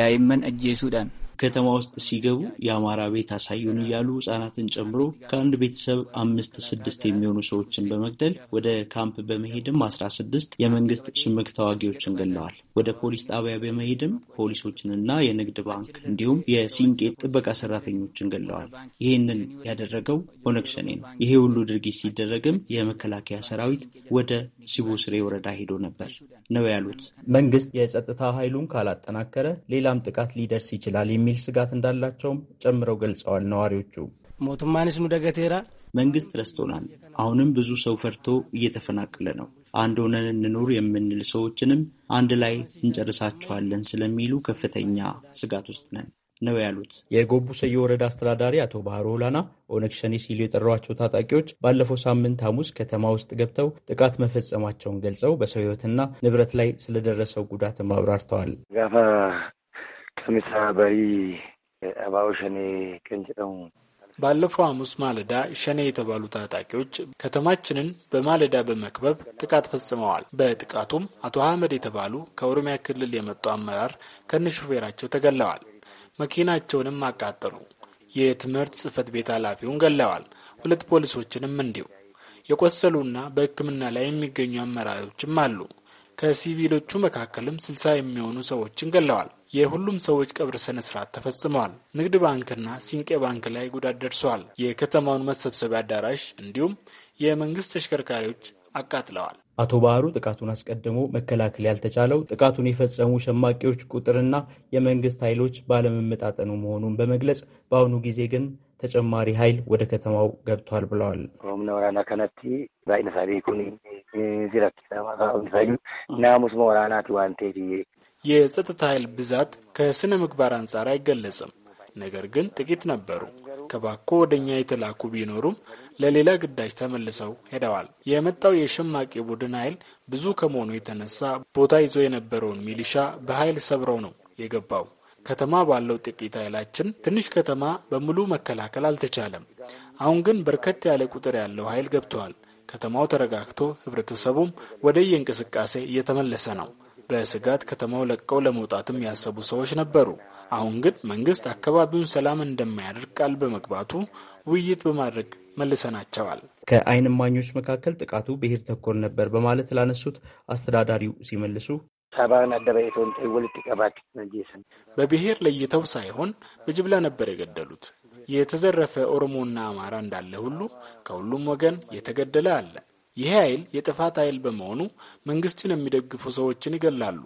ዳይመን እጄሱዳን ከተማ ውስጥ ሲገቡ የአማራ ቤት አሳዩን እያሉ ህጻናትን ጨምሮ ከአንድ ቤተሰብ አምስት ስድስት የሚሆኑ ሰዎችን በመግደል ወደ ካምፕ በመሄድም አስራ ስድስት የመንግስት ሽምቅ ተዋጊዎችን ገለዋል። ወደ ፖሊስ ጣቢያ በመሄድም ፖሊሶችንና የንግድ ባንክ እንዲሁም የሲንቄ ጥበቃ ሰራተኞችን ገለዋል። ይህንን ያደረገው ኦነግ ሸኔ ነው። ይሄ ሁሉ ድርጊት ሲደረግም የመከላከያ ሰራዊት ወደ ሲቦ ስሬ ወረዳ ሄዶ ነበር ነው ያሉት። መንግስት የጸጥታ ኃይሉን ካላጠናከረ ሌላም ጥቃት ሊደርስ ይችላል የሚል የሚል ስጋት እንዳላቸውም ጨምረው ገልጸዋል ነዋሪዎቹ። ሞቱማንስ ኑደገቴራ መንግስት ረስቶናል። አሁንም ብዙ ሰው ፈርቶ እየተፈናቀለ ነው። አንድ ሆነን እንኑር የምንል ሰዎችንም አንድ ላይ እንጨርሳቸዋለን ስለሚሉ ከፍተኛ ስጋት ውስጥ ነን ነው ያሉት። የጎቡ ሰየ ወረዳ አስተዳዳሪ አቶ ባህሩ ሆላና ኦነግ ሸኔ ሲሉ የጠሯቸው ታጣቂዎች ባለፈው ሳምንት ሐሙስ ከተማ ውስጥ ገብተው ጥቃት መፈጸማቸውን ገልጸው በሰው ሕይወትና ንብረት ላይ ስለደረሰው ጉዳት አብራርተዋል። ጋፋ sumisa barii አባው ሸኔ ቅንጭጠሙ ባለፈው ሐሙስ ማለዳ ሸኔ የተባሉ ታጣቂዎች ከተማችንን በማለዳ በመክበብ ጥቃት ፈጽመዋል። በጥቃቱም አቶ አህመድ የተባሉ ከኦሮሚያ ክልል የመጡ አመራር ከነ ሹፌራቸው ተገለዋል። መኪናቸውንም አቃጠሉ። የትምህርት ጽህፈት ቤት ኃላፊውን ገለዋል። ሁለት ፖሊሶችንም እንዲሁ። የቆሰሉና በሕክምና ላይ የሚገኙ አመራሮችም አሉ። ከሲቪሎቹ መካከልም ስልሳ የሚሆኑ ሰዎችን ገለዋል። የሁሉም ሰዎች ቀብር ስነ ስርዓት ተፈጽመዋል። ንግድ ባንክና ሲንቄ ባንክ ላይ ጉዳት ደርሰዋል። የከተማውን መሰብሰቢያ አዳራሽ እንዲሁም የመንግስት ተሽከርካሪዎች አቃጥለዋል። አቶ ባህሩ ጥቃቱን አስቀድሞ መከላከል ያልተቻለው ጥቃቱን የፈጸሙ ሸማቂዎች ቁጥርና የመንግስት ኃይሎች ባለመመጣጠኑ መሆኑን በመግለጽ በአሁኑ ጊዜ ግን ተጨማሪ ኃይል ወደ ከተማው ገብቷል ብለዋል። ኦምና ወራና ከነቲ ባይነሳቤ ኩኒ ዚረኪ ናሙስ መወራናት ዋንቴ የጸጥታ ኃይል ብዛት ከስነ ምግባር አንጻር አይገለጽም። ነገር ግን ጥቂት ነበሩ። ከባኮ ወደኛ የተላኩ ቢኖሩም ለሌላ ግዳጅ ተመልሰው ሄደዋል። የመጣው የሸማቂ ቡድን ኃይል ብዙ ከመሆኑ የተነሳ ቦታ ይዞ የነበረውን ሚሊሻ በኃይል ሰብረው ነው የገባው። ከተማ ባለው ጥቂት ኃይላችን ትንሽ ከተማ በሙሉ መከላከል አልተቻለም። አሁን ግን በርከት ያለ ቁጥር ያለው ኃይል ገብተዋል። ከተማው ተረጋግቶ ህብረተሰቡም ወደ የእንቅስቃሴ እየተመለሰ ነው። በስጋት ከተማው ለቀው ለመውጣትም ያሰቡ ሰዎች ነበሩ። አሁን ግን መንግስት አካባቢውን ሰላም እንደማያደርግ ቃል በመግባቱ ውይይት በማድረግ መልሰናቸዋል። ከአይን እማኞች መካከል ጥቃቱ ብሔር ተኮር ነበር በማለት ላነሱት አስተዳዳሪው ሲመልሱ በብሔር ለይተው ሳይሆን በጅብላ ነበር የገደሉት። የተዘረፈ ኦሮሞና አማራ እንዳለ ሁሉ ከሁሉም ወገን የተገደለ አለ። ይሄ ኃይል የጥፋት ኃይል በመሆኑ መንግስትን የሚደግፉ ሰዎችን ይገላሉ።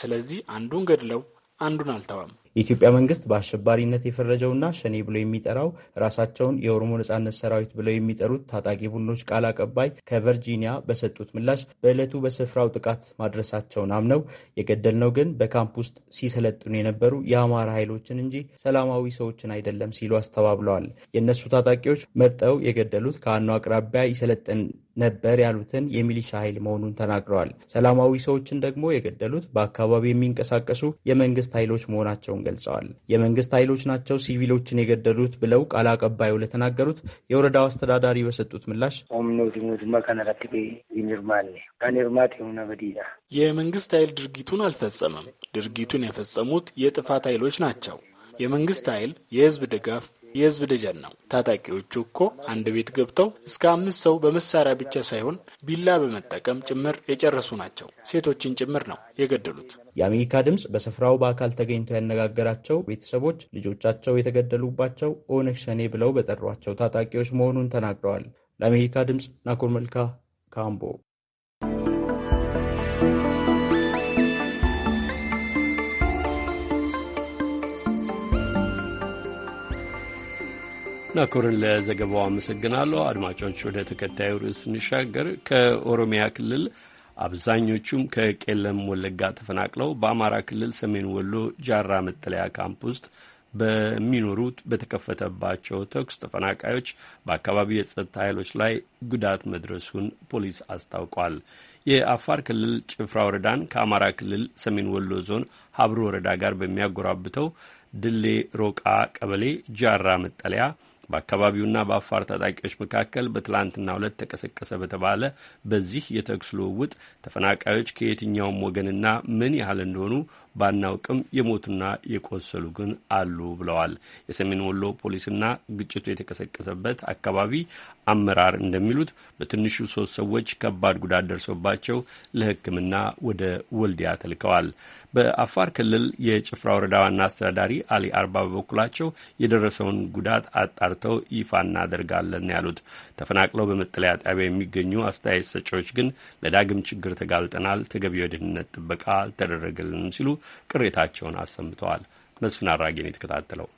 ስለዚህ አንዱን ገድለው አንዱን አልተዋም። የኢትዮጵያ መንግስት በአሸባሪነት የፈረጀውና ሸኔ ብሎ የሚጠራው ራሳቸውን የኦሮሞ ነጻነት ሰራዊት ብለው የሚጠሩት ታጣቂ ቡድኖች ቃል አቀባይ ከቨርጂኒያ በሰጡት ምላሽ በዕለቱ በስፍራው ጥቃት ማድረሳቸውን አምነው የገደልነው ግን በካምፕ ውስጥ ሲሰለጥኑ የነበሩ የአማራ ኃይሎችን እንጂ ሰላማዊ ሰዎችን አይደለም ሲሉ አስተባብለዋል። የእነሱ ታጣቂዎች መርጠው የገደሉት ከአኗ አቅራቢያ ይሰለጥን ነበር ያሉትን የሚሊሻ ኃይል መሆኑን ተናግረዋል። ሰላማዊ ሰዎችን ደግሞ የገደሉት በአካባቢ የሚንቀሳቀሱ የመንግስት ኃይሎች መሆናቸውን ገልጸዋል። የመንግስት ኃይሎች ናቸው ሲቪሎችን የገደሉት ብለው ቃል አቀባዩ ለተናገሩት የወረዳው አስተዳዳሪ በሰጡት ምላሽ የመንግስት ኃይል ድርጊቱን አልፈጸመም። ድርጊቱን የፈጸሙት የጥፋት ኃይሎች ናቸው። የመንግስት ኃይል የህዝብ ድጋፍ የህዝብ ደጀን ነው። ታጣቂዎቹ እኮ አንድ ቤት ገብተው እስከ አምስት ሰው በመሳሪያ ብቻ ሳይሆን ቢላ በመጠቀም ጭምር የጨረሱ ናቸው። ሴቶችን ጭምር ነው የገደሉት። የአሜሪካ ድምፅ በስፍራው በአካል ተገኝተው ያነጋገራቸው ቤተሰቦች ልጆቻቸው የተገደሉባቸው ኦነግ ሸኔ ብለው በጠሯቸው ታጣቂዎች መሆኑን ተናግረዋል። ለአሜሪካ ድምፅ ናኮር መልካ ካምቦ ናኮርን ለዘገባው አመሰግናለሁ። አድማጮች፣ ወደ ተከታዩ ርዕስ ስንሻገር ከኦሮሚያ ክልል አብዛኞቹም ከቄለም ወለጋ ተፈናቅለው በአማራ ክልል ሰሜን ወሎ ጃራ መጠለያ ካምፕ ውስጥ በሚኖሩት በተከፈተባቸው ተኩስ ተፈናቃዮች በአካባቢው የጸጥታ ኃይሎች ላይ ጉዳት መድረሱን ፖሊስ አስታውቋል። የአፋር ክልል ጭፍራ ወረዳን ከአማራ ክልል ሰሜን ወሎ ዞን ሀብሮ ወረዳ ጋር በሚያጎራብተው ድሌ ሮቃ ቀበሌ ጃራ መጠለያ በአካባቢውና በአፋር ታጣቂዎች መካከል በትላንትና ሁለት ተቀሰቀሰ በተባለ በዚህ የተኩስ ልውውጥ ተፈናቃዮች ከየትኛውም ወገንና ምን ያህል እንደሆኑ ባናውቅም የሞቱና የቆሰሉ ግን አሉ ብለዋል። የሰሜን ወሎ ፖሊስና ግጭቱ የተቀሰቀሰበት አካባቢ አመራር እንደሚሉት በትንሹ ሶስት ሰዎች ከባድ ጉዳት ደርሶባቸው ለሕክምና ወደ ወልዲያ ተልከዋል። በአፋር ክልል የጭፍራ ወረዳ ዋና አስተዳዳሪ አሊ አርባ በበኩላቸው የደረሰውን ጉዳት አጣር አሰርተው ይፋ እናደርጋለን ያሉት ተፈናቅለው በመጠለያ ጣቢያ የሚገኙ አስተያየት ሰጪዎች ግን ለዳግም ችግር ተጋልጠናል፣ ተገቢው የደህንነት ጥበቃ አልተደረገልንም ሲሉ ቅሬታቸውን አሰምተዋል። መስፍን አራጌን የተከታተለው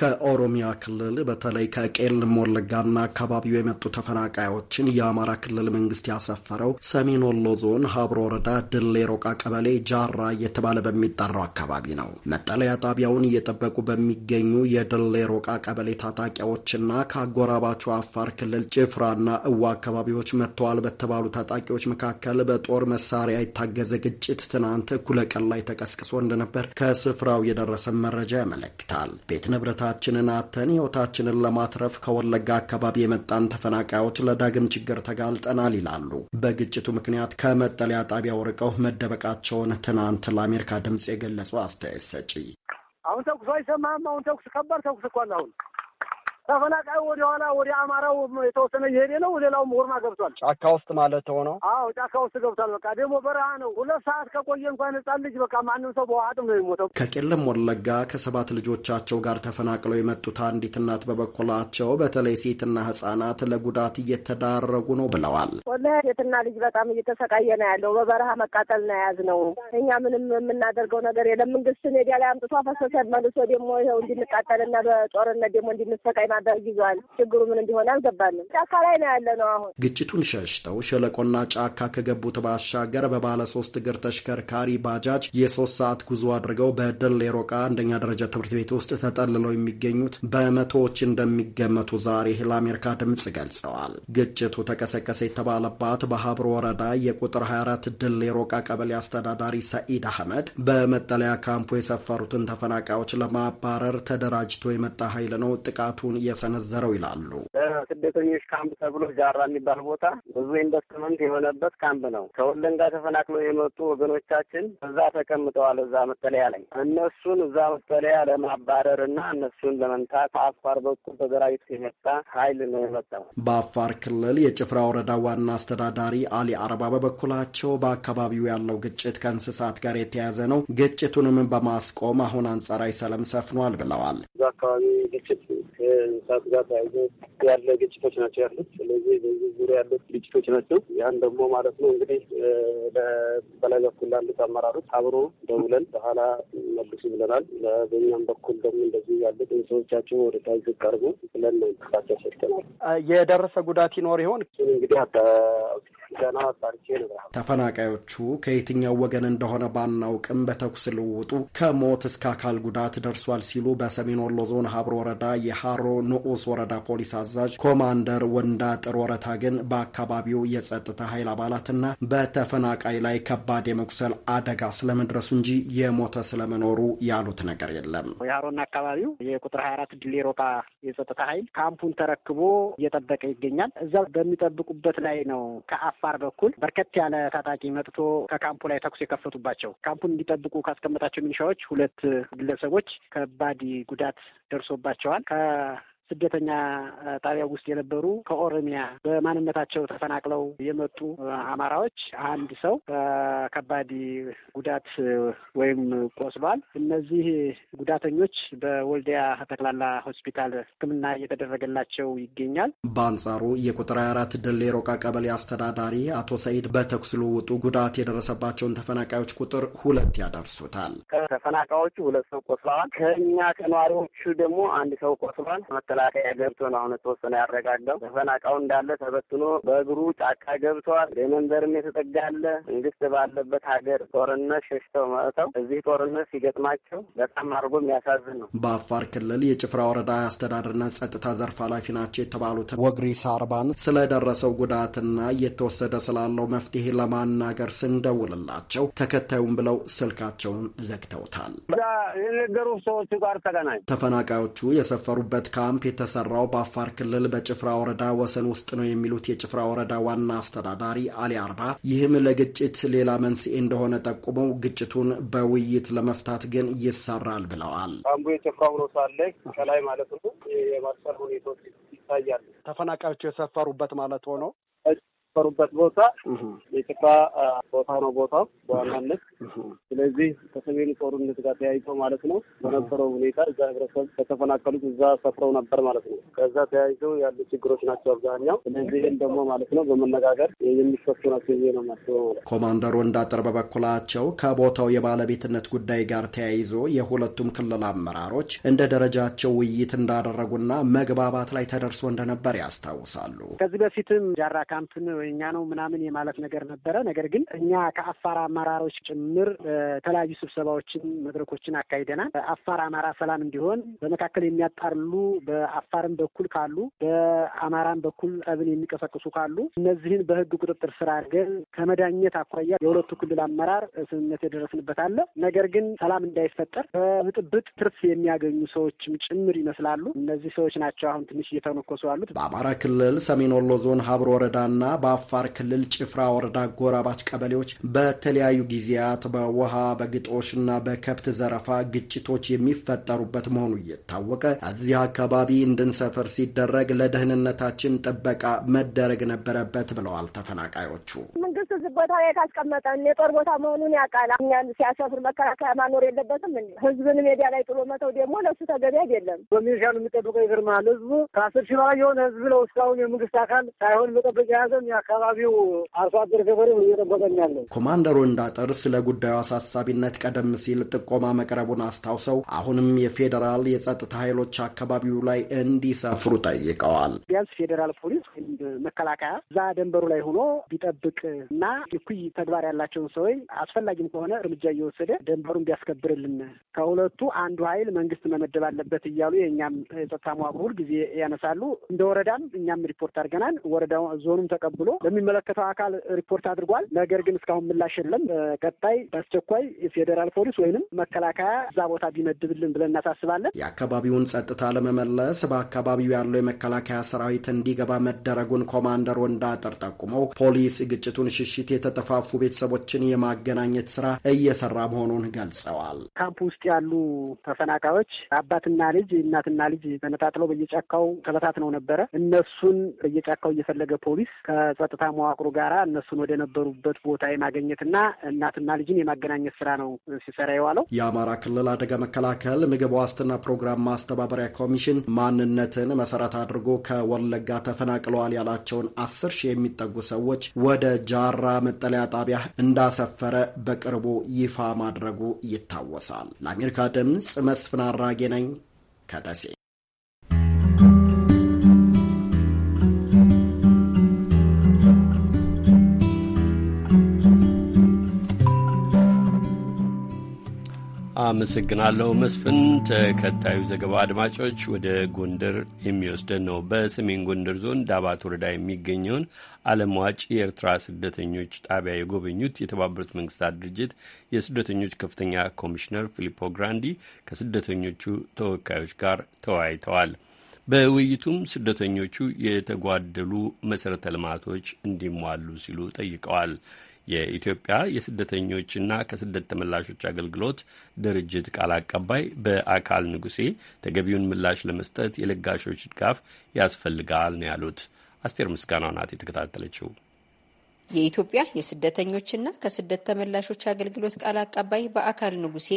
ከኦሮሚያ ክልል በተለይ ከቄለም ወለጋና አካባቢው የመጡ ተፈናቃዮችን የአማራ ክልል መንግስት ያሰፈረው ሰሜን ወሎ ዞን ሀብሮ ወረዳ ድሌ ሮቃ ቀበሌ ጃራ እየተባለ በሚጠራው አካባቢ ነው። መጠለያ ጣቢያውን እየጠበቁ በሚገኙ የድሌ ሮቃ ቀበሌ ታጣቂዎችና ከአጎራባቹ አፋር ክልል ጭፍራና እዋ አካባቢዎች መጥተዋል በተባሉ ታጣቂዎች መካከል በጦር መሳሪያ የታገዘ ግጭት ትናንት እኩለ ቀን ላይ ተቀስቅሶ እንደነበር ከስፍራው የደረሰ መረጃ ያመለክታል። ቤት ንብረታ ቤታችንን አተን ህይወታችንን ለማትረፍ ከወለጋ አካባቢ የመጣን ተፈናቃዮች ለዳግም ችግር ተጋልጠናል ይላሉ። በግጭቱ ምክንያት ከመጠለያ ጣቢያው ርቀው መደበቃቸውን ትናንት ለአሜሪካ ድምፅ የገለጹ አስተያየት ሰጪ አሁን ተኩስ አይሰማም። አሁን ተኩስ ከባድ ተኩስ እኮ አለ አሁን ተፈናቃዩ ወደ ኋላ ወደ አማራው የተወሰነ እየሄደ ነው። ሌላው ምሁርማ ገብቷል። ጫካ ውስጥ ማለት ሆነው። አዎ ጫካ ውስጥ ገብቷል። በቃ ደግሞ በረሃ ነው። ሁለት ሰዓት ከቆየ እንኳን ህጻን ልጅ በቃ ማንም ሰው በውሃ ጥም ነው የሚሞተው። ከቄለም ወለጋ ከሰባት ልጆቻቸው ጋር ተፈናቅለው የመጡት አንዲት እናት በበኩላቸው በተለይ ሴትና ህጻናት ለጉዳት እየተዳረጉ ነው ብለዋል። ወላ ሴትና ልጅ በጣም እየተሰቃየ ነው ያለው። በበረሃ መቃጠል ነው የያዝ ነው። እኛ ምንም የምናደርገው ነገር የለም። መንግስት ሜዲያ ላይ አምጥቶ ፈሰሰ መልሶ ደግሞ ይኸው እንድንቃጠልና በጦርነት ደግሞ እንድንሰቃይ ይዟል። ችግሩ ምን እንዲሆን አልገባንም። ጫካ ላይ ነው ያለ ነው። አሁን ግጭቱን ሸሽተው ሸለቆና ጫካ ከገቡት ባሻገር በባለ ሶስት እግር ተሽከርካሪ ባጃጅ የሶስት ሰዓት ጉዞ አድርገው በደሌ ሮቃ አንደኛ ደረጃ ትምህርት ቤት ውስጥ ተጠልለው የሚገኙት በመቶዎች እንደሚገመቱ ዛሬ ለአሜሪካ ድምጽ ገልጸዋል። ግጭቱ ተቀሰቀሰ የተባለባት በሀብሮ ወረዳ የቁጥር 24 ደሌ ሮቃ ቀበሌ አስተዳዳሪ ሰኢድ አህመድ በመጠለያ ካምፑ የሰፈሩትን ተፈናቃዮች ለማባረር ተደራጅቶ የመጣ ኃይል ነው ጥቃቱን የሰነዘረው ይላሉ። ስደተኞች ካምፕ ተብሎ ጃራ የሚባል ቦታ ብዙ ኢንቨስትመንት የሆነበት ካምፕ ነው። ከወለንጋ ተፈናቅለው የመጡ ወገኖቻችን እዛ ተቀምጠዋል። እዛ መጠለያ ላይ እነሱን እዛ መጠለያ ለማባረር እና እነሱን ለመንታት ከአፋር በኩል ተደራጅቶ የመጣ ኃይል ነው የመጣው። በአፋር ክልል የጭፍራ ወረዳ ዋና አስተዳዳሪ አሊ አረባ በበኩላቸው በአካባቢው ያለው ግጭት ከእንስሳት ጋር የተያያዘ ነው። ግጭቱንም በማስቆም አሁን አንጻራዊ ሰላም ሰፍኗል ብለዋል። በአካባቢ ግጭት እንስሳት ጋር ተያይዞ ያለ ግጭቶች ናቸው ያሉት። ስለዚህ በዚህ ዙሪያ ያሉት ግጭቶች ናቸው። ያን ደግሞ ማለት ነው እንግዲህ በላይ በኩል ላሉት አመራሮች አብሮ ደውለን በኋላ መልሱ ብለናል። በኛም በኩል ደግሞ እንደዚህ ያሉት እንስሶቻችን ወደ ታች ቀርቡ ብለን ነው እንቅስቃሴ ሰጥተናል። የደረሰ ጉዳት ይኖር ይሆን እንግዲህ ገና አጣርቼ ነበር። ተፈናቃዮቹ ከየትኛው ወገን እንደሆነ ባናውቅም በተኩስ ልውውጡ ከሞት እስከ አካል ጉዳት ደርሷል ሲሉ በሰሜን ወሎ ዞን ሀብሮ ወረዳ የሀሮ ንዑስ ወረዳ ፖሊስ አዛዥ ኮማንደር ወንዳ ጥር ወረታ ግን በአካባቢው የጸጥታ ኃይል አባላትና በተፈናቃይ ላይ ከባድ የመቁሰል አደጋ ስለመድረሱ እንጂ የሞተ ስለመኖሩ ያሉት ነገር የለም። የሀሮና አካባቢው የቁጥር ሀያ አራት ድሌ የጸጥታ ኃይል ካምፑን ተረክቦ እየጠበቀ ይገኛል። እዛ በሚጠብቁበት ላይ ነው ከአፋር በኩል በርከት ያለ ታጣቂ መጥቶ ከካምፑ ላይ ተኩስ የከፈቱባቸው። ካምፑን እንዲጠብቁ ካስቀመጣቸው ሚኒሻዎች ሁለት ግለሰቦች ከባድ ጉዳት ደርሶባቸዋል። ስደተኛ ጣቢያ ውስጥ የነበሩ ከኦሮሚያ በማንነታቸው ተፈናቅለው የመጡ አማራዎች አንድ ሰው ከባድ ጉዳት ወይም ቆስሏል። እነዚህ ጉዳተኞች በወልዲያ ጠቅላላ ሆስፒታል ሕክምና እየተደረገላቸው ይገኛል። በአንጻሩ የቁጥር አራት ድሌ ሮቃ ቀበሌ አስተዳዳሪ አቶ ሰይድ በተኩስ ልውውጡ ጉዳት የደረሰባቸውን ተፈናቃዮች ቁጥር ሁለት ያደርሱታል። ከተፈናቃዮቹ ሁለት ሰው ቆስለዋል። ከእኛ ከነዋሪዎቹ ደግሞ አንድ ሰው ቆስሏል። መከላከያ ገብቶ ነው አሁን የተወሰነ ያረጋጋው። ተፈናቃው እንዳለ ተበትኖ በእግሩ ጫካ ገብተዋል። የመንደርም የተጠጋለ መንግስት ባለበት ሀገር ጦርነት ሸሽተው መጥተው እዚህ ጦርነት ሲገጥማቸው በጣም አድርጎ የሚያሳዝን ነው። በአፋር ክልል የጭፍራ ወረዳ አስተዳደርና ጸጥታ ዘርፍ ኃላፊ ናቸው የተባሉት ወግሪሳ አርባን ስለደረሰው ጉዳትና እየተወሰደ ስላለው መፍትሄ ለማናገር ስንደውልላቸው ተከታዩም ብለው ስልካቸውን ዘግተውታል። የነገሩ ሰዎቹ ጋር ተገናኝ ተፈናቃዮቹ የሰፈሩበት ካምፕ የተሰራው በአፋር ክልል በጭፍራ ወረዳ ወሰን ውስጥ ነው የሚሉት የጭፍራ ወረዳ ዋና አስተዳዳሪ አሊ አርባ፣ ይህም ለግጭት ሌላ መንስኤ እንደሆነ ጠቁመው ግጭቱን በውይይት ለመፍታት ግን ይሰራል ብለዋል። አምቦ የጭፍራ ውሮሳ አለ ከላይ ማለት ነው የማሰር ሁኔታዎች ይታያል። ተፈናቃዮች የሰፈሩበት ማለት ሆኖ የሚሰሩበት ቦታ የጭፍራ ቦታ ነው ቦታው በዋናነት። ስለዚህ ከሰሜኑ ጦርነት ጋር ተያይዞ ማለት ነው በነበረው ሁኔታ እዛ ህብረተሰብ ከተፈናቀሉት እዛ ሰፍረው ነበር ማለት ነው። ከዛ ተያይዞ ያሉ ችግሮች ናቸው አብዛኛው። ስለዚህም ደግሞ ማለት ነው በመነጋገር የሚፈቱ ናቸው ይዜ ነው ማስበው ማለት ኮማንደሩ እንዳጠር በበኩላቸው ከቦታው የባለቤትነት ጉዳይ ጋር ተያይዞ የሁለቱም ክልል አመራሮች እንደ ደረጃቸው ውይይት እንዳደረጉና መግባባት ላይ ተደርሶ እንደነበር ያስታውሳሉ። ከዚህ በፊትም ጃራ ካምፕን የኛ ነው ምናምን የማለት ነገር ነበረ። ነገር ግን እኛ ከአፋር አመራሮች ጭምር የተለያዩ ስብሰባዎችን፣ መድረኮችን አካሂደናል። አፋር አማራ ሰላም እንዲሆን በመካከል የሚያጣሉ በአፋርም በኩል ካሉ በአማራም በኩል ጠብን የሚቀሰቅሱ ካሉ እነዚህን በህግ ቁጥጥር ስር አድርገን ከመዳኘት አኳያ የሁለቱ ክልል አመራር ስምምነት የደረስንበት አለ። ነገር ግን ሰላም እንዳይፈጠር በብጥብጥ ትርፍ የሚያገኙ ሰዎችም ጭምር ይመስላሉ። እነዚህ ሰዎች ናቸው አሁን ትንሽ እየተነኮሱ ያሉት በአማራ ክልል ሰሜን ወሎ ዞን ሀብሮ ወረዳና በአፋር ክልል ጭፍራ ወረዳ ጎራባች ቀበሌዎች በተለያዩ ጊዜያት በውሃ በግጦሽና በከብት ዘረፋ ግጭቶች የሚፈጠሩበት መሆኑ እየታወቀ እዚህ አካባቢ እንድንሰፍር ሲደረግ ለደህንነታችን ጥበቃ መደረግ ነበረበት ብለዋል ተፈናቃዮቹ። ቦታ ላይ የጦር ቦታ መሆኑን ያውቃል። እኛን ሲያሰፍር መከላከያ ማኖር የለበትም እ ህዝብን ሜዳ ላይ ጥሎ መተው ደግሞ ለሱ ተገቢ አይደለም። በሚሊሻን የሚጠብቀው ይገርማል። ህዝቡ ከአስር ሺህ በላይ የሆነ ህዝብ ነው እስካሁን የመንግስት አካል ሳይሆን መጠበቅ የያዘም የአካባቢው አርሶ አደር ገበሬ እየጠበቀን ያለን። ኮማንደሩ እንዳጠር ስለ ጉዳዩ አሳሳቢነት ቀደም ሲል ጥቆማ መቅረቡን አስታውሰው አሁንም የፌዴራል የጸጥታ ኃይሎች አካባቢው ላይ እንዲሰፍሩ ጠይቀዋል። ቢያንስ ፌዴራል ፖሊስ ወይም መከላከያ እዛ ደንበሩ ላይ ሆኖ ቢጠብቅ እና እኩይ ተግባር ያላቸውን ሰዎች አስፈላጊም ከሆነ እርምጃ እየወሰደ ደንበሩን ቢያስከብርልን፣ ከሁለቱ አንዱ ኃይል መንግስት መመደብ አለበት እያሉ የእኛም የጸጥታ መዋቅር ጊዜ ያነሳሉ። እንደ ወረዳም እኛም ሪፖርት አድርገናል። ወረዳው ዞኑም ተቀብሎ በሚመለከተው አካል ሪፖርት አድርጓል። ነገር ግን እስካሁን ምላሽ የለም። በቀጣይ በአስቸኳይ የፌዴራል ፖሊስ ወይንም መከላከያ እዛ ቦታ ቢመድብልን ብለን እናሳስባለን። የአካባቢውን ጸጥታ ለመመለስ በአካባቢው ያለው የመከላከያ ሰራዊት እንዲገባ መደረጉን ኮማንደር ወንዳጥር ጠቁመው ፖሊስ ግጭቱን ሽሽት የተጠፋፉ ቤተሰቦችን የማገናኘት ስራ እየሰራ መሆኑን ገልጸዋል። ካምፕ ውስጥ ያሉ ተፈናቃዮች አባትና ልጅ፣ እናትና ልጅ ተነጣጥለው በየጫካው ተበታትነው ነበረ። እነሱን በየጫካው እየፈለገ ፖሊስ ከጸጥታ መዋቅሩ ጋር እነሱን ወደ ነበሩበት ቦታ የማገኘትና እናትና ልጅን የማገናኘት ስራ ነው ሲሰራ የዋለው። የአማራ ክልል አደጋ መከላከል ምግብ ዋስትና ፕሮግራም ማስተባበሪያ ኮሚሽን ማንነትን መሰረት አድርጎ ከወለጋ ተፈናቅለዋል ያላቸውን አስር ሺህ የሚጠጉ ሰዎች ወደ ጃራ መጠለያ ጣቢያ እንዳሰፈረ በቅርቡ ይፋ ማድረጉ ይታወሳል። ለአሜሪካ ድምፅ መስፍን አራጌ ነኝ ከደሴ። አመሰግናለሁ መስፍን። ተከታዩ ዘገባ አድማጮች ወደ ጎንደር የሚወስደን ነው። በሰሜን ጎንደር ዞን ዳባት ወረዳ የሚገኘውን ዓለም ዋጭ የኤርትራ ስደተኞች ጣቢያ የጎበኙት የተባበሩት መንግስታት ድርጅት የስደተኞች ከፍተኛ ኮሚሽነር ፊሊፖ ግራንዲ ከስደተኞቹ ተወካዮች ጋር ተወያይተዋል። በውይይቱም ስደተኞቹ የተጓደሉ መሠረተ ልማቶች እንዲሟሉ ሲሉ ጠይቀዋል። የኢትዮጵያ የስደተኞችና ከስደት ተመላሾች አገልግሎት ድርጅት ቃል አቀባይ በአካል ንጉሴ ተገቢውን ምላሽ ለመስጠት የለጋሾች ድጋፍ ያስፈልጋል ነው ያሉት። አስቴር ምስጋናው ናት የተከታተለችው። የኢትዮጵያ የስደተኞችና ከስደት ተመላሾች አገልግሎት ቃል አቀባይ በአካል ንጉሴ፣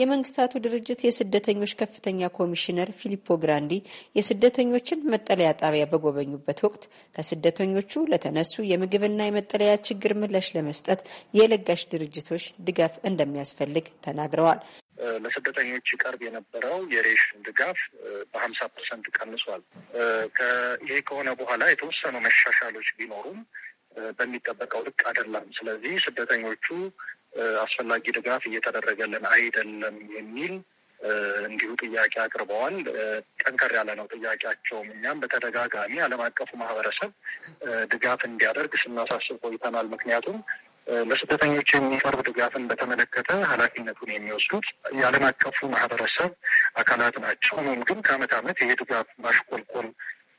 የመንግስታቱ ድርጅት የስደተኞች ከፍተኛ ኮሚሽነር ፊሊፖ ግራንዲ የስደተኞችን መጠለያ ጣቢያ በጎበኙበት ወቅት ከስደተኞቹ ለተነሱ የምግብና የመጠለያ ችግር ምላሽ ለመስጠት የለጋሽ ድርጅቶች ድጋፍ እንደሚያስፈልግ ተናግረዋል። ለስደተኞች ቀርብ የነበረው የሬሽን ድጋፍ በሀምሳ ፐርሰንት ቀንሷል። ይሄ ከሆነ በኋላ የተወሰኑ መሻሻሎች ቢኖሩም በሚጠበቀው ልክ አይደለም። ስለዚህ ስደተኞቹ አስፈላጊ ድጋፍ እየተደረገልን አይደለም የሚል እንዲሁ ጥያቄ አቅርበዋል። ጠንከር ያለ ነው ጥያቄያቸውም። እኛም በተደጋጋሚ ዓለም አቀፉ ማህበረሰብ ድጋፍ እንዲያደርግ ስናሳስብ ቆይተናል። ምክንያቱም ለስደተኞች የሚቀርብ ድጋፍን በተመለከተ ኃላፊነቱን የሚወስዱት የዓለም አቀፉ ማህበረሰብ አካላት ናቸው። ሆኖም ግን ከአመት አመት ይሄ ድጋፍ ማሽቆልቆል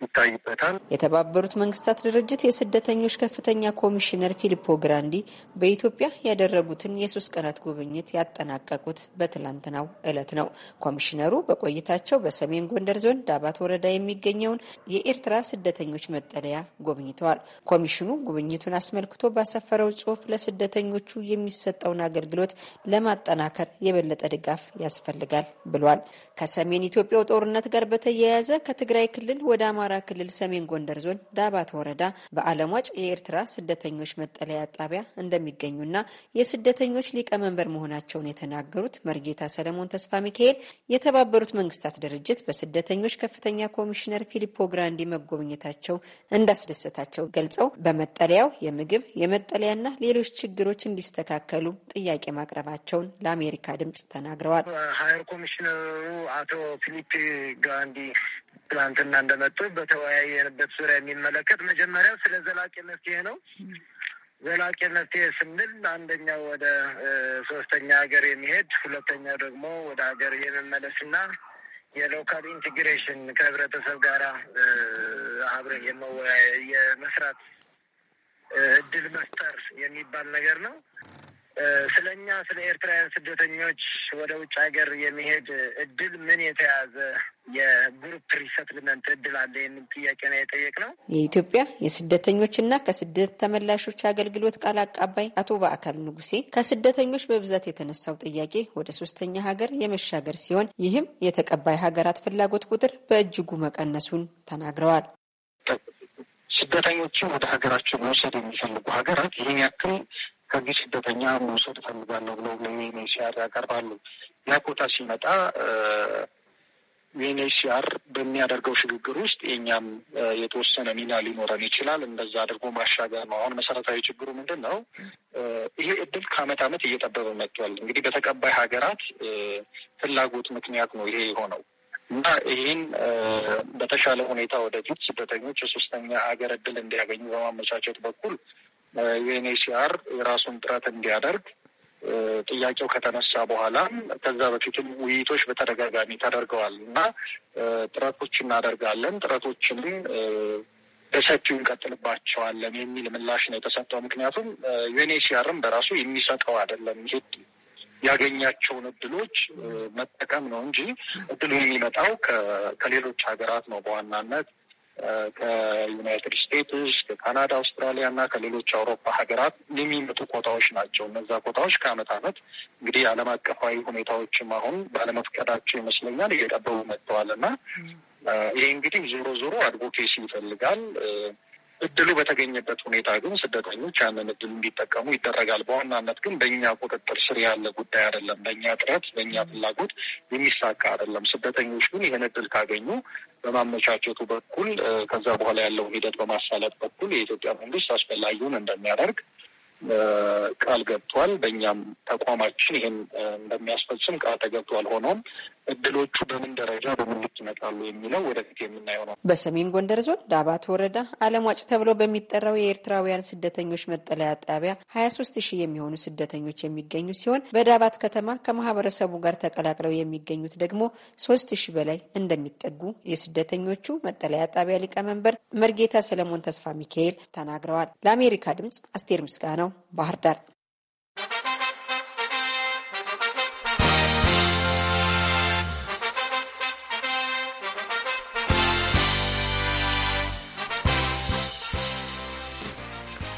ይታይበታል። የተባበሩት መንግስታት ድርጅት የስደተኞች ከፍተኛ ኮሚሽነር ፊሊፖ ግራንዲ በኢትዮጵያ ያደረጉትን የሶስት ቀናት ጉብኝት ያጠናቀቁት በትላንትናው ዕለት ነው። ኮሚሽነሩ በቆይታቸው በሰሜን ጎንደር ዞን ዳባት ወረዳ የሚገኘውን የኤርትራ ስደተኞች መጠለያ ጎብኝተዋል። ኮሚሽኑ ጉብኝቱን አስመልክቶ ባሰፈረው ጽሁፍ ለስደተኞቹ የሚሰጠውን አገልግሎት ለማጠናከር የበለጠ ድጋፍ ያስፈልጋል ብሏል። ከሰሜን ኢትዮጵያው ጦርነት ጋር በተያያዘ ከትግራይ ክልል ወደ አማራ በአማራ ክልል ሰሜን ጎንደር ዞን ዳባት ወረዳ በአለሟጭ የኤርትራ ስደተኞች መጠለያ ጣቢያ እንደሚገኙና የስደተኞች ሊቀመንበር መሆናቸውን የተናገሩት መርጌታ ሰለሞን ተስፋ ሚካኤል የተባበሩት መንግስታት ድርጅት በስደተኞች ከፍተኛ ኮሚሽነር ፊሊፖ ግራንዲ መጎብኘታቸው እንዳስደሰታቸው ገልጸው በመጠለያው የምግብ የመጠለያና ሌሎች ችግሮች እንዲስተካከሉ ጥያቄ ማቅረባቸውን ለአሜሪካ ድምጽ ተናግረዋል። ሀይር ኮሚሽነሩ አቶ ፊሊፕ ግራንዲ ትላንትና እንደመጡ በተወያየንበት ዙሪያ የሚመለከት መጀመሪያው ስለ ዘላቂ መፍትሄ ነው። ዘላቂ መፍትሄ ስንል አንደኛው ወደ ሶስተኛ ሀገር የሚሄድ ሁለተኛው ደግሞ ወደ ሀገር የመመለስና የሎካል ኢንቴግሬሽን ከህብረተሰብ ጋራ አብረን የመስራት እድል መፍጠር የሚባል ነገር ነው። ስለ እኛ ስለ ኤርትራውያን ስደተኞች ወደ ውጭ ሀገር የመሄድ እድል ምን የተያዘ የግሩፕ ሪሰትልመንት እድል አለ የሚል ጥያቄ ነው የጠየቅነው። የኢትዮጵያ የስደተኞችና ከስደት ተመላሾች አገልግሎት ቃል አቃባይ አቶ በአካል ንጉሴ ከስደተኞች በብዛት የተነሳው ጥያቄ ወደ ሶስተኛ ሀገር የመሻገር ሲሆን ይህም የተቀባይ ሀገራት ፍላጎት ቁጥር በእጅጉ መቀነሱን ተናግረዋል። ስደተኞችን ወደ ሀገራቸው መውሰድ የሚፈልጉ ሀገራት ይህን ያክል ከዚህ ስደተኛ መውሰድ እፈልጋለሁ ብለው ለዩኤንኤችሲአር ያቀርባሉ። ያ ኮታ ሲመጣ ዩኤንኤችሲአር በሚያደርገው ሽግግር ውስጥ የእኛም የተወሰነ ሚና ሊኖረን ይችላል። እንደዛ አድርጎ ማሻገር ነው። አሁን መሰረታዊ ችግሩ ምንድን ነው? ይሄ እድል ከአመት አመት እየጠበበ መጥቷል። እንግዲህ በተቀባይ ሀገራት ፍላጎት ምክንያት ነው ይሄ የሆነው እና ይህን በተሻለ ሁኔታ ወደፊት ስደተኞች የሶስተኛ ሀገር እድል እንዲያገኙ በማመቻቸት በኩል ዩኤንኤችሲአር የራሱን ጥረት እንዲያደርግ ጥያቄው ከተነሳ በኋላ ከዛ በፊትም ውይይቶች በተደጋጋሚ ተደርገዋል እና ጥረቶች እናደርጋለን ጥረቶችንም በሰፊው እንቀጥልባቸዋለን የሚል ምላሽ ነው የተሰጠው። ምክንያቱም ዩኤንኤችሲአርም በራሱ የሚሰጠው አይደለም ይሄድ ያገኛቸውን እድሎች መጠቀም ነው እንጂ እድሉ የሚመጣው ከሌሎች ሀገራት ነው በዋናነት ከዩናይትድ ስቴትስ፣ ከካናዳ፣ አውስትራሊያ እና ከሌሎች አውሮፓ ሀገራት የሚመጡ ኮታዎች ናቸው። እነዛ ኮታዎች ከአመት አመት እንግዲህ ዓለም አቀፋዊ ሁኔታዎችም አሁን ባለመፍቀዳቸው ይመስለኛል እየጠበቡ መጥተዋል እና ይህ እንግዲህ ዞሮ ዞሮ አድቮኬሲ ይፈልጋል። እድሉ በተገኘበት ሁኔታ ግን ስደተኞች ያንን እድል እንዲጠቀሙ ይደረጋል። በዋናነት ግን በእኛ ቁጥጥር ስር ያለ ጉዳይ አይደለም። በእኛ ጥረት፣ በእኛ ፍላጎት የሚሳካ አይደለም። ስደተኞች ግን ይህን እድል ካገኙ በማመቻቸቱ በኩል ከዛ በኋላ ያለውን ሂደት በማሳለጥ በኩል የኢትዮጵያ መንግስት አስፈላጊውን እንደሚያደርግ ቃል ገብቷል። በእኛም ተቋማችን ይህን እንደሚያስፈጽም ቃል ተገብቷል። ሆኖም እድሎቹ በምን ደረጃ በምን ልክ ይመጣሉ የሚለው ወደፊት የምናየው ነው። በሰሜን ጎንደር ዞን ዳባት ወረዳ አለምዋጭ ተብሎ በሚጠራው የኤርትራውያን ስደተኞች መጠለያ ጣቢያ ሀያ ሶስት ሺህ የሚሆኑ ስደተኞች የሚገኙ ሲሆን በዳባት ከተማ ከማህበረሰቡ ጋር ተቀላቅለው የሚገኙት ደግሞ ሶስት ሺህ በላይ እንደሚጠጉ የስደተኞቹ መጠለያ ጣቢያ ሊቀመንበር መርጌታ ሰለሞን ተስፋ ሚካኤል ተናግረዋል። ለአሜሪካ ድምጽ አስቴር ምስጋ ነው ባህር ዳር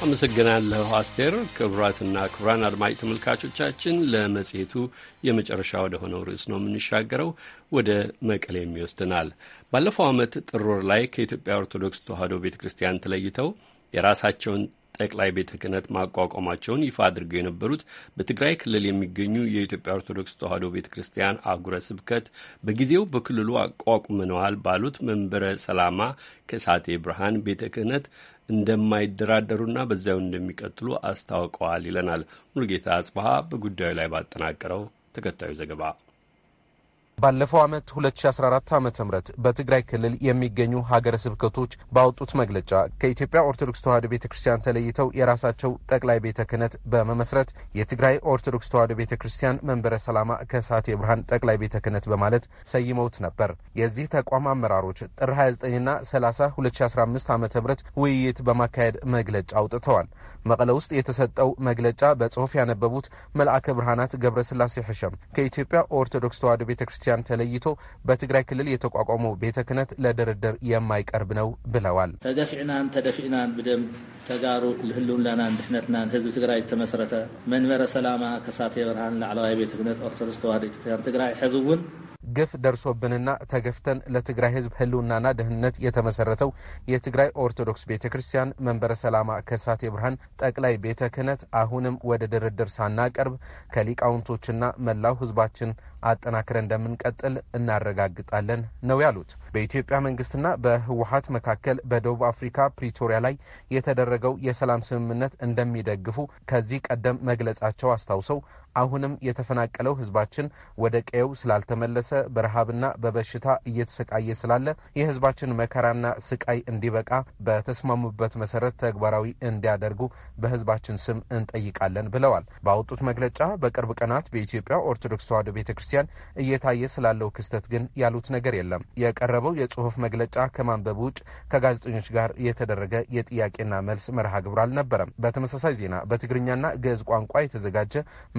አመሰግናለሁ አስቴር። ክቡራትና ክቡራን አድማጭ ተመልካቾቻችን ለመጽሔቱ የመጨረሻ ወደ ሆነው ርዕስ ነው የምንሻገረው፣ ወደ መቀሌም ይወስድናል። ባለፈው ዓመት ጥር ወር ላይ ከኢትዮጵያ ኦርቶዶክስ ተዋሕዶ ቤተ ክርስቲያን ተለይተው የራሳቸውን ጠቅላይ ቤተ ክህነት ማቋቋማቸውን ይፋ አድርገው የነበሩት በትግራይ ክልል የሚገኙ የኢትዮጵያ ኦርቶዶክስ ተዋሕዶ ቤተ ክርስቲያን አህጉረ ስብከት በጊዜው በክልሉ አቋቁመነዋል ባሉት መንበረ ሰላማ ከሳቴ ብርሃን ቤተ ክህነት እንደማይደራደሩና በዚያው እንደሚቀጥሉ አስታውቀዋል ይለናል ሙሉጌታ አጽበሀ በጉዳዩ ላይ ባጠናቀረው ተከታዩ ዘገባ። ባለፈው ዓመት 2014 ዓ ም በትግራይ ክልል የሚገኙ ሀገረ ስብከቶች ባወጡት መግለጫ ከኢትዮጵያ ኦርቶዶክስ ተዋሕዶ ቤተ ክርስቲያን ተለይተው የራሳቸው ጠቅላይ ቤተ ክህነት በመመስረት የትግራይ ኦርቶዶክስ ተዋሕዶ ቤተ ክርስቲያን መንበረ ሰላማ ከሳቴ ብርሃን ጠቅላይ ቤተ ክህነት በማለት ሰይመውት ነበር። የዚህ ተቋም አመራሮች ጥር 29ና 30 2015 ዓ ም ውይይት በማካሄድ መግለጫ አውጥተዋል። መቀለ ውስጥ የተሰጠው መግለጫ በጽሑፍ ያነበቡት መልአከ ብርሃናት ገብረ ስላሴ ሕሸም ከኢትዮጵያ ኦርቶዶክስ ተዋሕዶ ቤተ ክርስቲያን ክርስቲያን ተለይቶ በትግራይ ክልል የተቋቋመው ቤተ ክህነት ለድርድር የማይቀርብ ነው ብለዋል። ተገፊዕናን ተደፊዕናን ብደም ተጋሩ ልህልውናናን ድሕነትናን ህዝቢ ትግራይ ዝተመስረተ መንበረ ሰላማ ከሳቴ ብርሃን ላዕለዋይ ቤተ ክህነት ኦርቶዶክስ ተዋህዶ ቤተክርስቲያን ትግራይ ሕዚ እውን ግፍ ደርሶብንና ተገፍተን ለትግራይ ህዝብ ህልውናና ደህንነት የተመሰረተው የትግራይ ኦርቶዶክስ ቤተ ክርስቲያን መንበረ ሰላማ ከሳቴ ብርሃን ጠቅላይ ቤተ ክህነት አሁንም ወደ ድርድር ሳናቀርብ ከሊቃውንቶችና መላው ህዝባችን አጠናክረ እንደምንቀጥል እናረጋግጣለን ነው ያሉት። በኢትዮጵያ መንግስትና በህወሀት መካከል በደቡብ አፍሪካ ፕሪቶሪያ ላይ የተደረገው የሰላም ስምምነት እንደሚደግፉ ከዚህ ቀደም መግለጻቸው አስታውሰው አሁንም የተፈናቀለው ህዝባችን ወደ ቀየው ስላልተመለሰ በረሃብና በበሽታ እየተሰቃየ ስላለ የህዝባችን መከራና ስቃይ እንዲበቃ በተስማሙበት መሰረት ተግባራዊ እንዲያደርጉ በህዝባችን ስም እንጠይቃለን ብለዋል። ባወጡት መግለጫ በቅርብ ቀናት በኢትዮጵያ ኦርቶዶክስ ተዋሕዶ ቤተ ክርስቲያን እየታየ ስላለው ክስተት ግን ያሉት ነገር የለም። የቀረበው የጽሁፍ መግለጫ ከማንበብ ውጭ ከጋዜጠኞች ጋር የተደረገ የጥያቄና መልስ መርሃ ግብር አልነበረም። በተመሳሳይ ዜና በትግርኛና ግዕዝ ቋንቋ የተዘጋጀ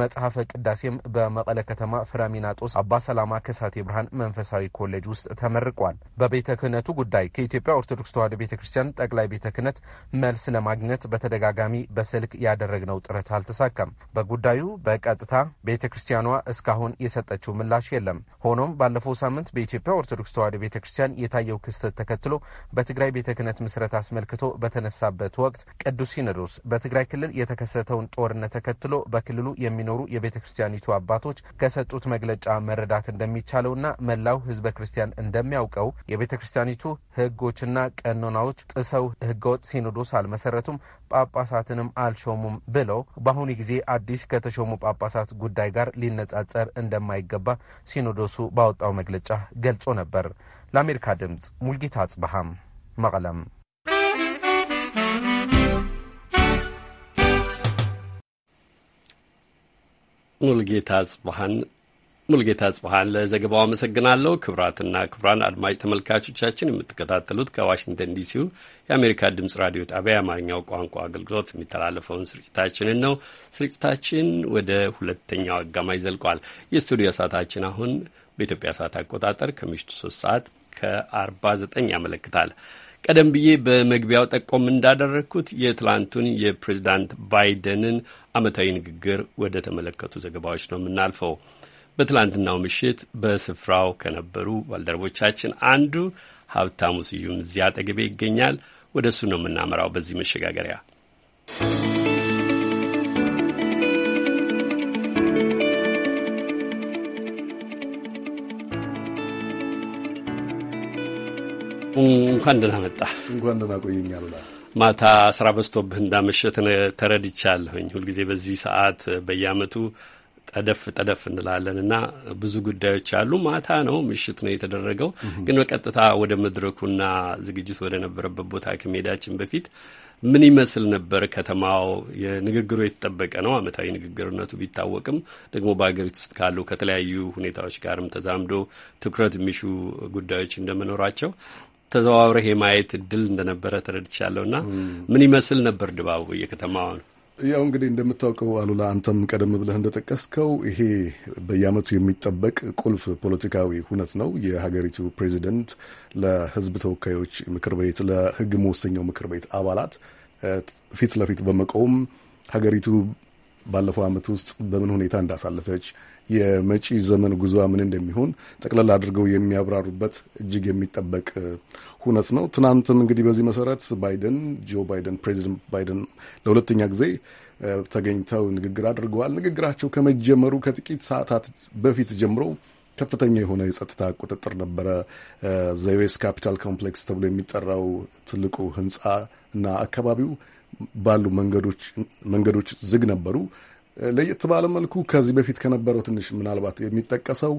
መጽሐፍ መጽሐፈ ቅዳሴም በመቀለ ከተማ ፍራሚናጦስ አባ ሰላማ ከሳቴ ብርሃን መንፈሳዊ ኮሌጅ ውስጥ ተመርቋል። በቤተ ክህነቱ ጉዳይ ከኢትዮጵያ ኦርቶዶክስ ተዋሕዶ ቤተ ክርስቲያን ጠቅላይ ቤተ ክህነት መልስ ለማግኘት በተደጋጋሚ በስልክ ያደረግነው ጥረት አልተሳካም። በጉዳዩ በቀጥታ ቤተ ክርስቲያኗ እስካሁን የሰጠችው ምላሽ የለም። ሆኖም ባለፈው ሳምንት በኢትዮጵያ ኦርቶዶክስ ተዋሕዶ ቤተ ክርስቲያን የታየው ክስተት ተከትሎ በትግራይ ቤተ ክህነት ምስረት አስመልክቶ በተነሳበት ወቅት ቅዱስ ሲኖዶስ በትግራይ ክልል የተከሰተውን ጦርነት ተከትሎ በክልሉ የሚኖሩ የቤተ ክርስቲያኒቱ አባቶች ከሰጡት መግለጫ መረዳት እንደሚቻለውና መላው ህዝበ ክርስቲያን እንደሚያውቀው የቤተ ክርስቲያኒቱ ህጎችና ቀኖናዎች ጥሰው ህገወጥ ሲኖዶስ አልመሰረቱም፣ ጳጳሳትንም አልሾሙም ብለው በአሁኑ ጊዜ አዲስ ከተሾሙ ጳጳሳት ጉዳይ ጋር ሊነጻጸር እንደማይገባ ሲኖዶሱ ባወጣው መግለጫ ገልጾ ነበር። ለአሜሪካ ድምፅ ሙልጌታ አጽበሃም መቀለም ሙልጌታ ጽብሃን ሙልጌታ ጽብሃን ለዘገባው አመሰግናለሁ። ክብራትና ክብራን አድማጭ ተመልካቾቻችን የምትከታተሉት ከዋሽንግተን ዲሲው የአሜሪካ ድምጽ ራዲዮ ጣቢያ የአማርኛው ቋንቋ አገልግሎት የሚተላለፈውን ስርጭታችንን ነው። ስርጭታችን ወደ ሁለተኛው አጋማሽ ዘልቋል። የስቱዲዮ ሰዓታችን አሁን በኢትዮጵያ ሰዓት አቆጣጠር ከምሽቱ ሶስት ሰዓት ከአርባ ዘጠኝ ያመለክታል። ቀደም ብዬ በመግቢያው ጠቆም እንዳደረግኩት የትላንቱን የፕሬዚዳንት ባይደንን አመታዊ ንግግር ወደ ተመለከቱ ዘገባዎች ነው የምናልፈው። በትላንትናው ምሽት በስፍራው ከነበሩ ባልደረቦቻችን አንዱ ሀብታሙ ስዩም እዚያ አጠገቤ ይገኛል። ወደ እሱ ነው የምናመራው በዚህ መሸጋገሪያ እንኳን ደህና መጣ። እንኳን ደህና ቆየኛል። ማታ ስራ በዝቶብህ እንዳመሸት ተረድቻለሁኝ። ሁልጊዜ በዚህ ሰዓት በየአመቱ ጠደፍ ጠደፍ እንላለን እና ብዙ ጉዳዮች አሉ። ማታ ነው ምሽት ነው የተደረገው። ግን በቀጥታ ወደ መድረኩና ዝግጅት ወደ ነበረበት ቦታ ከመሄዳችን በፊት ምን ይመስል ነበር ከተማው? የንግግሩ የተጠበቀ ነው። አመታዊ ንግግርነቱ ቢታወቅም ደግሞ በሀገሪቱ ውስጥ ካሉ ከተለያዩ ሁኔታዎች ጋርም ተዛምዶ ትኩረት የሚሹ ጉዳዮች እንደመኖራቸው ተዘዋውረህ የማየት እድል እንደነበረ ና ምን ይመስል ነበር ድባቡ የከተማው? ያው እንግዲህ እንደምታውቀው አሉላ አንተም ቀደም ብለህ እንደጠቀስከው ይሄ በየዓመቱ የሚጠበቅ ቁልፍ ፖለቲካዊ ሁነት ነው። የሀገሪቱ ፕሬዚደንት ለሕዝብ ተወካዮች ምክር ቤት፣ ለሕግ መወሰኛው ምክር ቤት አባላት ፊት ለፊት በመቆም ሀገሪቱ ባለፈው ዓመት ውስጥ በምን ሁኔታ እንዳሳለፈች የመጪ ዘመን ጉዞ ምን እንደሚሆን ጠቅለል አድርገው የሚያብራሩበት እጅግ የሚጠበቅ ሁነት ነው። ትናንትም እንግዲህ በዚህ መሰረት ባይደን ጆ ባይደን ፕሬዚደንት ባይደን ለሁለተኛ ጊዜ ተገኝተው ንግግር አድርገዋል። ንግግራቸው ከመጀመሩ ከጥቂት ሰዓታት በፊት ጀምሮ ከፍተኛ የሆነ የጸጥታ ቁጥጥር ነበረ። ዘዌስ ካፒታል ኮምፕሌክስ ተብሎ የሚጠራው ትልቁ ህንፃ እና አካባቢው ባሉ መንገዶች ዝግ ነበሩ። ለየት ባለ መልኩ ከዚህ በፊት ከነበረው ትንሽ ምናልባት የሚጠቀሰው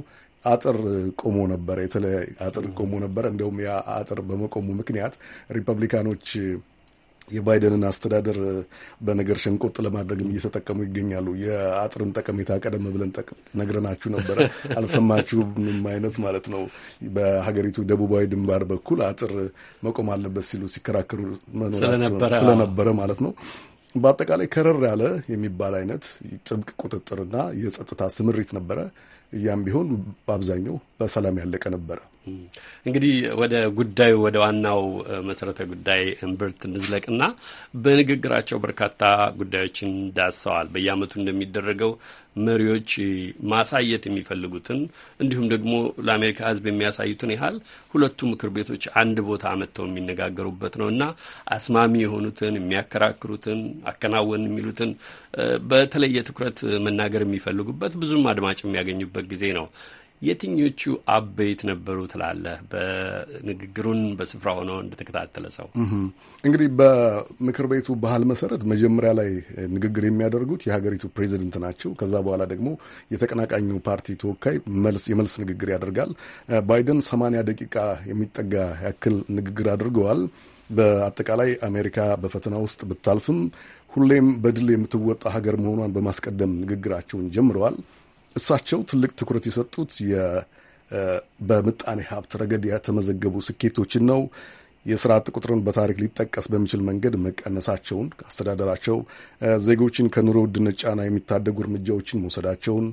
አጥር ቆሞ ነበረ። የተለያየ አጥር ቆሞ ነበረ። እንዲሁም ያ አጥር በመቆሙ ምክንያት ሪፐብሊካኖች የባይደንን አስተዳደር በነገር ሸንቆጥ ለማድረግም እየተጠቀሙ ይገኛሉ። የአጥርን ጠቀሜታ ቀደም ብለን ነግረናችሁ ነበረ፣ አልሰማችሁም? ምንም አይነት ማለት ነው። በሀገሪቱ ደቡባዊ ድንባር በኩል አጥር መቆም አለበት ሲሉ ሲከራከሩ መኖራቸው ስለነበረ ማለት ነው። በአጠቃላይ ከረር ያለ የሚባል አይነት ጥብቅ ቁጥጥርና የጸጥታ ስምሪት ነበረ። እያም ቢሆን በአብዛኛው በሰላም ያለቀ ነበረ። እንግዲህ ወደ ጉዳዩ ወደ ዋናው መሰረተ ጉዳይ እምብርት እንዝለቅና በንግግራቸው በርካታ ጉዳዮችን ዳሰዋል። በየአመቱ እንደሚደረገው መሪዎች ማሳየት የሚፈልጉትን እንዲሁም ደግሞ ለአሜሪካ ሕዝብ የሚያሳዩትን ያህል ሁለቱ ምክር ቤቶች አንድ ቦታ መጥተው የሚነጋገሩበት ነው እና አስማሚ የሆኑትን የሚያከራክሩትን አከናወን የሚሉትን በተለየ ትኩረት መናገር የሚፈልጉበት ብዙም አድማጭ የሚያገኙበት ጊዜ ነው። የትኞቹ አበይት ነበሩ ትላለህ? በንግግሩን በስፍራ ሆኖ እንደተከታተለ ሰው እንግዲህ በምክር ቤቱ ባህል መሰረት መጀመሪያ ላይ ንግግር የሚያደርጉት የሀገሪቱ ፕሬዚደንት ናቸው። ከዛ በኋላ ደግሞ የተቀናቃኙ ፓርቲ ተወካይ የመልስ ንግግር ያደርጋል። ባይደን ሰማንያ ደቂቃ የሚጠጋ ያክል ንግግር አድርገዋል። በአጠቃላይ አሜሪካ በፈተና ውስጥ ብታልፍም ሁሌም በድል የምትወጣ ሀገር መሆኗን በማስቀደም ንግግራቸውን ጀምረዋል። እሳቸው ትልቅ ትኩረት የሰጡት በምጣኔ ሀብት ረገድ የተመዘገቡ ስኬቶችን ነው። የስራ አጥ ቁጥርን በታሪክ ሊጠቀስ በሚችል መንገድ መቀነሳቸውን፣ አስተዳደራቸው ዜጎችን ከኑሮ ውድነት ጫና የሚታደጉ እርምጃዎችን መውሰዳቸውን፣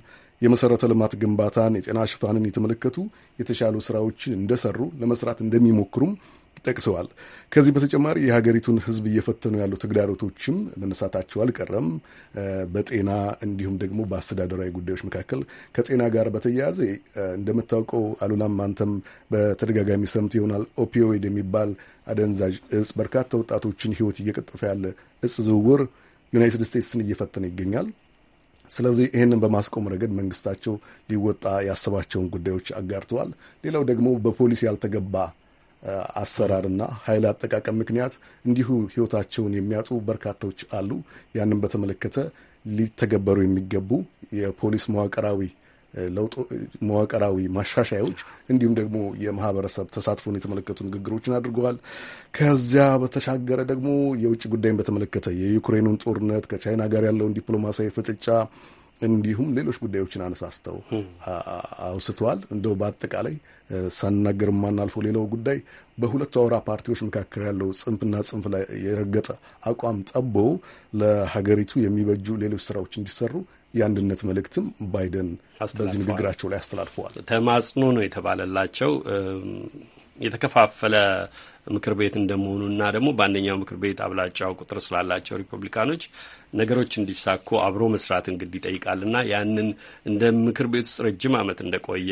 የመሰረተ ልማት ግንባታን፣ የጤና ሽፋንን የተመለከቱ የተሻሉ ስራዎችን እንደሰሩ ለመስራት እንደሚሞክሩም ጠቅሰዋል። ከዚህ በተጨማሪ የሀገሪቱን ሕዝብ እየፈተኑ ያሉ ተግዳሮቶችም መነሳታቸው አልቀረም። በጤና እንዲሁም ደግሞ በአስተዳደራዊ ጉዳዮች መካከል ከጤና ጋር በተያያዘ እንደምታውቀው አሉላም አንተም በተደጋጋሚ ሰምት ይሆናል ኦፒዮይድ የሚባል አደንዛዥ እጽ በርካታ ወጣቶችን ሕይወት እየቀጠፈ ያለ እጽ ዝውውር ዩናይትድ ስቴትስን እየፈተነ ይገኛል። ስለዚህ ይህንን በማስቆም ረገድ መንግስታቸው ሊወጣ ያሰባቸውን ጉዳዮች አጋርተዋል። ሌላው ደግሞ በፖሊስ ያልተገባ አሰራርና ኃይል አጠቃቀም ምክንያት እንዲሁ ህይወታቸውን የሚያጡ በርካታዎች አሉ። ያንን በተመለከተ ሊተገበሩ የሚገቡ የፖሊስ መዋቅራዊ ለውጦ መዋቅራዊ ማሻሻያዎች እንዲሁም ደግሞ የማህበረሰብ ተሳትፎን የተመለከቱ ንግግሮችን አድርገዋል። ከዚያ በተሻገረ ደግሞ የውጭ ጉዳይን በተመለከተ የዩክሬኑን ጦርነት፣ ከቻይና ጋር ያለውን ዲፕሎማሲያዊ ፍጥጫ እንዲሁም ሌሎች ጉዳዮችን አነሳስተው አውስተዋል። እንደው በአጠቃላይ ሳናገር ማናልፎ ሌላው ጉዳይ በሁለቱ አውራ ፓርቲዎች መካከል ያለው ጽንፍና ጽንፍ ላይ የረገጠ አቋም ጠቦ ለሀገሪቱ የሚበጁ ሌሎች ስራዎች እንዲሰሩ የአንድነት መልእክትም ባይደን በዚህ ንግግራቸው ላይ አስተላልፈዋል። ተማጽኖ ነው የተባለላቸው የተከፋፈለ ምክር ቤት እና ደግሞ በአንደኛው ምክር ቤት አብላጫው ቁጥር ስላላቸው ሪፐብሊካኖች ነገሮች እንዲሳኩ አብሮ መስራት ይጠይቃል ና ያንን እንደ ምክር ቤት ውስጥ ረጅም ዓመት እንደቆየ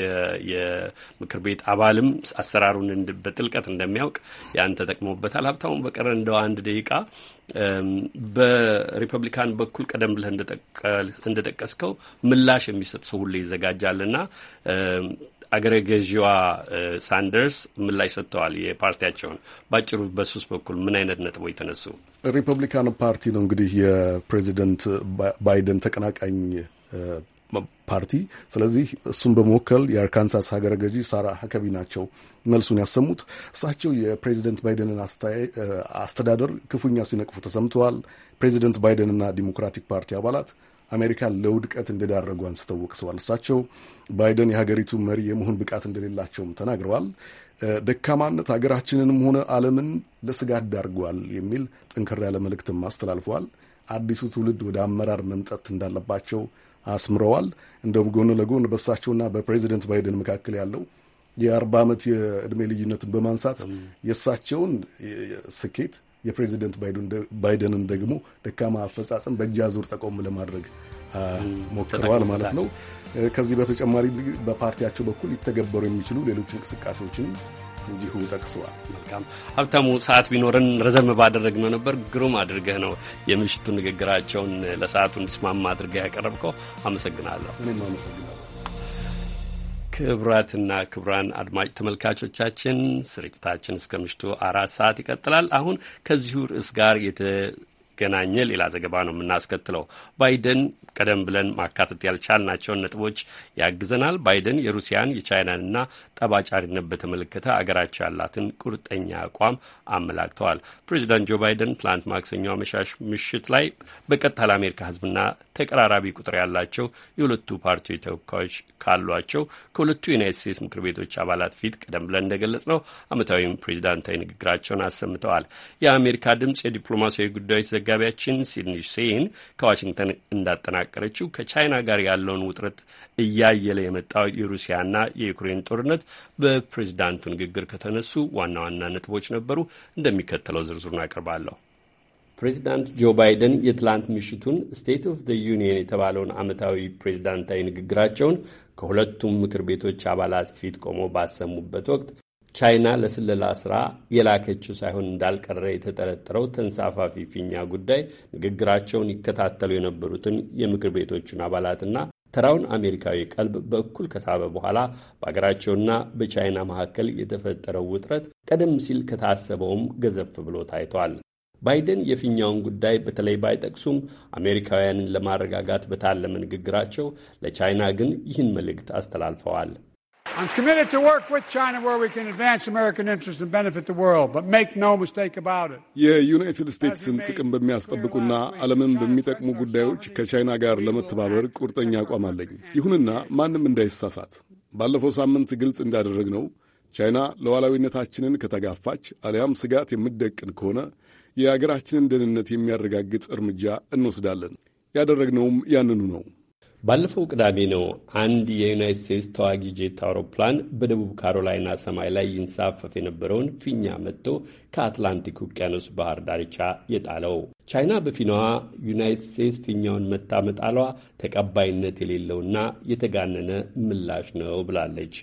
የምክር ቤት አባልም አሰራሩን በጥልቀት እንደሚያውቅ ያን ተጠቅሞበታል። ሀብታሙ በቀረ እንደው አንድ ደቂቃ በሪፐብሊካን በኩል ቀደም ብለህ እንደጠቀስከው ምላሽ የሚሰጥ ሰው ይዘጋጃል ይዘጋጃልና አገረ ገዢዋ ሳንደርስ ምላሽ ሰጥተዋል። የፓርቲያቸውን ባጭሩ በሱስ በኩል ምን አይነት ነጥቦች ተነሱ? ሪፐብሊካን ፓርቲ ነው እንግዲህ የፕሬዚደንት ባይደን ተቀናቃኝ ፓርቲ ስለዚህ እሱን በመወከል የአርካንሳስ ሀገረ ገዢ ሳራ ሀከቢ ናቸው መልሱን ያሰሙት። እሳቸው የፕሬዚደንት ባይደንን አስተዳደር ክፉኛ ሲነቅፉ ተሰምተዋል። ፕሬዚደንት ባይደንና ዲሞክራቲክ ፓርቲ አባላት አሜሪካን ለውድቀት እንደዳረጉ አንስተው ወቅሰዋል። እሳቸው ባይደን የሀገሪቱ መሪ የመሆን ብቃት እንደሌላቸውም ተናግረዋል። ደካማነት ሀገራችንንም ሆነ ዓለምን ለስጋት ዳርጓል የሚል ጠንከር ያለ መልእክትም አስተላልፈዋል። አዲሱ ትውልድ ወደ አመራር መምጠት እንዳለባቸው አስምረዋል። እንደውም ጎን ለጎን በእሳቸውና በፕሬዚደንት ባይደን መካከል ያለው የአርባ ዓመት የዕድሜ ልዩነትን በማንሳት የእሳቸውን ስኬት የፕሬዚደንት ባይደንን ደግሞ ደካማ አፈጻጸም በእጅ አዙር ጠቆም ለማድረግ ሞክረዋል ማለት ነው። ከዚህ በተጨማሪ በፓርቲያቸው በኩል ሊተገበሩ የሚችሉ ሌሎች እንቅስቃሴዎችንም እንዲሁ ጠቅሰዋል። መልካም ሀብታሙ፣ ሰዓት ቢኖረን ረዘም ባደረግነው ነበር። ግሩም አድርገህ ነው የምሽቱ ንግግራቸውን ለሰዓቱ እንዲስማማ አድርገህ ያቀረብከው። አመሰግናለሁ። እኔም አመሰግናለሁ። ክቡራትና ክቡራን አድማጭ ተመልካቾቻችን ስርጭታችን እስከ ምሽቱ አራት ሰዓት ይቀጥላል። አሁን ከዚሁ ርዕስ ጋር ገናኘ ሌላ ዘገባ ነው የምናስከትለው። ባይደን ቀደም ብለን ማካተት ያልቻልናቸውን ነጥቦች ያግዘናል። ባይደን የሩሲያን የቻይናንና ጠባጫሪነት በተመለከተ አገራቸው ያላትን ቁርጠኛ አቋም አመላክተዋል። ፕሬዚዳንት ጆ ባይደን ትላንት ማክሰኞ አመሻሽ ምሽት ላይ በቀጥታ ለአሜሪካ ሕዝብና ተቀራራቢ ቁጥር ያላቸው የሁለቱ ፓርቲ ተወካዮች ካሏቸው ከሁለቱ ዩናይት ስቴትስ ምክር ቤቶች አባላት ፊት ቀደም ብለን እንደገለጽ ነው አመታዊም ፕሬዚዳንታዊ ንግግራቸውን አሰምተዋል። የአሜሪካ ድምጽ የዲፕሎማሲያዊ ጉዳዮች ዘጋቢያችን ሲድኒ ሴይን ከዋሽንግተን እንዳጠናቀረችው ከቻይና ጋር ያለውን ውጥረት እያየለ የመጣው የሩሲያና የዩክሬን ጦርነት በፕሬዚዳንቱ ንግግር ከተነሱ ዋና ዋና ነጥቦች ነበሩ። እንደሚከተለው ዝርዝሩን አቅርባለሁ። ፕሬዚዳንት ጆ ባይደን የትላንት ምሽቱን ስቴት ኦፍ ዘ ዩኒየን የተባለውን ዓመታዊ ፕሬዚዳንታዊ ንግግራቸውን ከሁለቱም ምክር ቤቶች አባላት ፊት ቆሞ ባሰሙበት ወቅት ቻይና ለስለላ ስራ የላከችው ሳይሆን እንዳልቀረ የተጠረጠረው ተንሳፋፊ ፊኛ ጉዳይ ንግግራቸውን ይከታተሉ የነበሩትን የምክር ቤቶቹን አባላትና ተራውን አሜሪካዊ ቀልብ በእኩል ከሳበ በኋላ በሀገራቸውና በቻይና መካከል የተፈጠረው ውጥረት ቀደም ሲል ከታሰበውም ገዘፍ ብሎ ታይቷል። ባይደን የፊኛውን ጉዳይ በተለይ ባይጠቅሱም አሜሪካውያንን ለማረጋጋት በታለመ ንግግራቸው ለቻይና ግን ይህን መልእክት አስተላልፈዋል። I'm committed to work with China where we can advance American interests and benefit the world, but make no mistake about it. የዩናይትድ ስቴትስን ጥቅም በሚያስጠብቁና ዓለምን በሚጠቅሙ ጉዳዮች ከቻይና ጋር ለመተባበር ቁርጠኛ አቋም አለኝ። ይሁንና ማንም እንዳይሳሳት ባለፈው ሳምንት ግልጽ እንዳደረግነው ቻይና ሉዓላዊነታችንን ከተጋፋች አሊያም ስጋት የምደቅን ከሆነ የአገራችንን ደህንነት የሚያረጋግጥ እርምጃ እንወስዳለን። ያደረግነውም ያንኑ ነው። ባለፈው ቅዳሜ ነው አንድ የዩናይት ስቴትስ ተዋጊ ጄት አውሮፕላን በደቡብ ካሮላይና ሰማይ ላይ ይንሳፈፍ የነበረውን ፊኛ መጥቶ ከአትላንቲክ ውቅያኖስ ባህር ዳርቻ የጣለው። ቻይና በፊናዋ ዩናይት ስቴትስ ፊኛውን መታ መጣሏ ተቀባይነት የሌለውና የተጋነነ ምላሽ ነው ብላለች።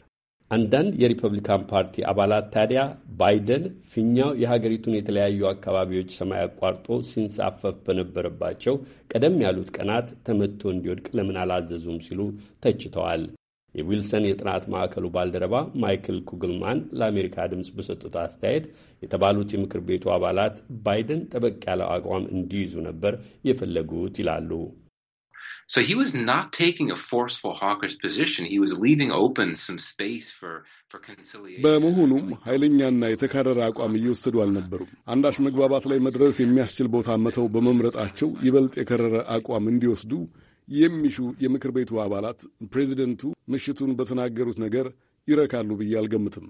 አንዳንድ የሪፐብሊካን ፓርቲ አባላት ታዲያ ባይደን ፊኛው የሀገሪቱን የተለያዩ አካባቢዎች ሰማይ አቋርጦ ሲንሳፈፍ በነበረባቸው ቀደም ያሉት ቀናት ተመትቶ እንዲወድቅ ለምን አላዘዙም ሲሉ ተችተዋል። የዊልሰን የጥናት ማዕከሉ ባልደረባ ማይክል ኩግልማን ለአሜሪካ ድምፅ በሰጡት አስተያየት የተባሉት የምክር ቤቱ አባላት ባይደን ጠበቅ ያለው አቋም እንዲይዙ ነበር የፈለጉት ይላሉ። So he was not taking a forceful hawkish position. He was leaving open some space for for conciliation. በመሆኑም ኃይለኛና የተካረረ አቋም እየወሰዱ አልነበሩም። አንዳች መግባባት ላይ መድረስ የሚያስችል ቦታ መተው በመምረጣቸው ይበልጥ የከረረ አቋም እንዲወስዱ የሚሹ የምክር ቤቱ አባላት ፕሬዚደንቱ ምሽቱን በተናገሩት ነገር ይረካሉ ብዬ አልገምትም።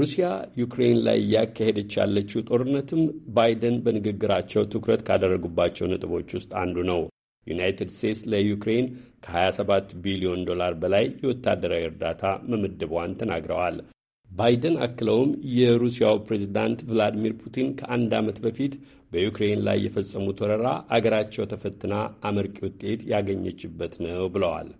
ሩሲያ ዩክሬን ላይ እያካሄደች ያለችው ጦርነትም ባይደን በንግግራቸው ትኩረት ካደረጉባቸው ነጥቦች ውስጥ አንዱ ነው። ዩናይትድ ስቴትስ ለዩክሬን ከ27 ቢሊዮን ዶላር በላይ የወታደራዊ እርዳታ መመደቧን ተናግረዋል። ባይደን አክለውም የሩሲያው ፕሬዚዳንት ቭላዲሚር ፑቲን ከአንድ ዓመት በፊት በዩክሬን ላይ የፈጸሙት ወረራ አገራቸው ተፈትና አመርቂ ውጤት ያገኘችበት ነው ብለዋል።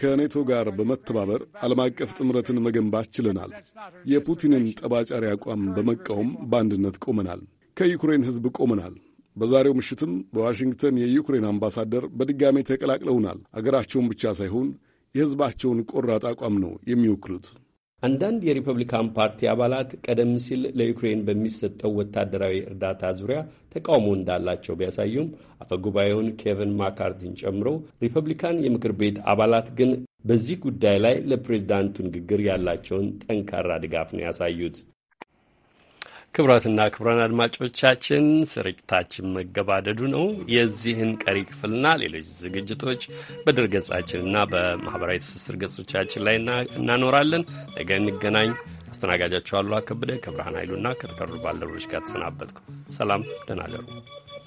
ከኔቶ ጋር በመተባበር ዓለም አቀፍ ጥምረትን መገንባት ችለናል። የፑቲንን ጠባጫሪ አቋም በመቃወም በአንድነት ቆመናል። ከዩክሬን ሕዝብ ቆመናል። በዛሬው ምሽትም በዋሽንግተን የዩክሬን አምባሳደር በድጋሜ ተቀላቅለውናል። አገራቸውን ብቻ ሳይሆን የሕዝባቸውን ቆራጥ አቋም ነው የሚወክሉት። አንዳንድ የሪፐብሊካን ፓርቲ አባላት ቀደም ሲል ለዩክሬን በሚሰጠው ወታደራዊ እርዳታ ዙሪያ ተቃውሞ እንዳላቸው ቢያሳዩም አፈጉባኤውን ኬቨን ማካርቲን ጨምሮ ሪፐብሊካን የምክር ቤት አባላት ግን በዚህ ጉዳይ ላይ ለፕሬዝዳንቱ ንግግር ያላቸውን ጠንካራ ድጋፍ ነው ያሳዩት። ክቡራትና ክቡራን አድማጮቻችን ስርጭታችን መገባደዱ ነው። የዚህን ቀሪ ክፍልና ሌሎች ዝግጅቶች በድር ገጻችንና በማኅበራዊ ትስስር ገጾቻችን ላይ እናኖራለን። ነገ እንገናኝ። አስተናጋጃችሁ አሉ አከብደ ከብርሃን ኃይሉና ከተቀሩ ባልደረቦች ጋር ተሰናበትኩ። ሰላም፣ ደህና እደሩ።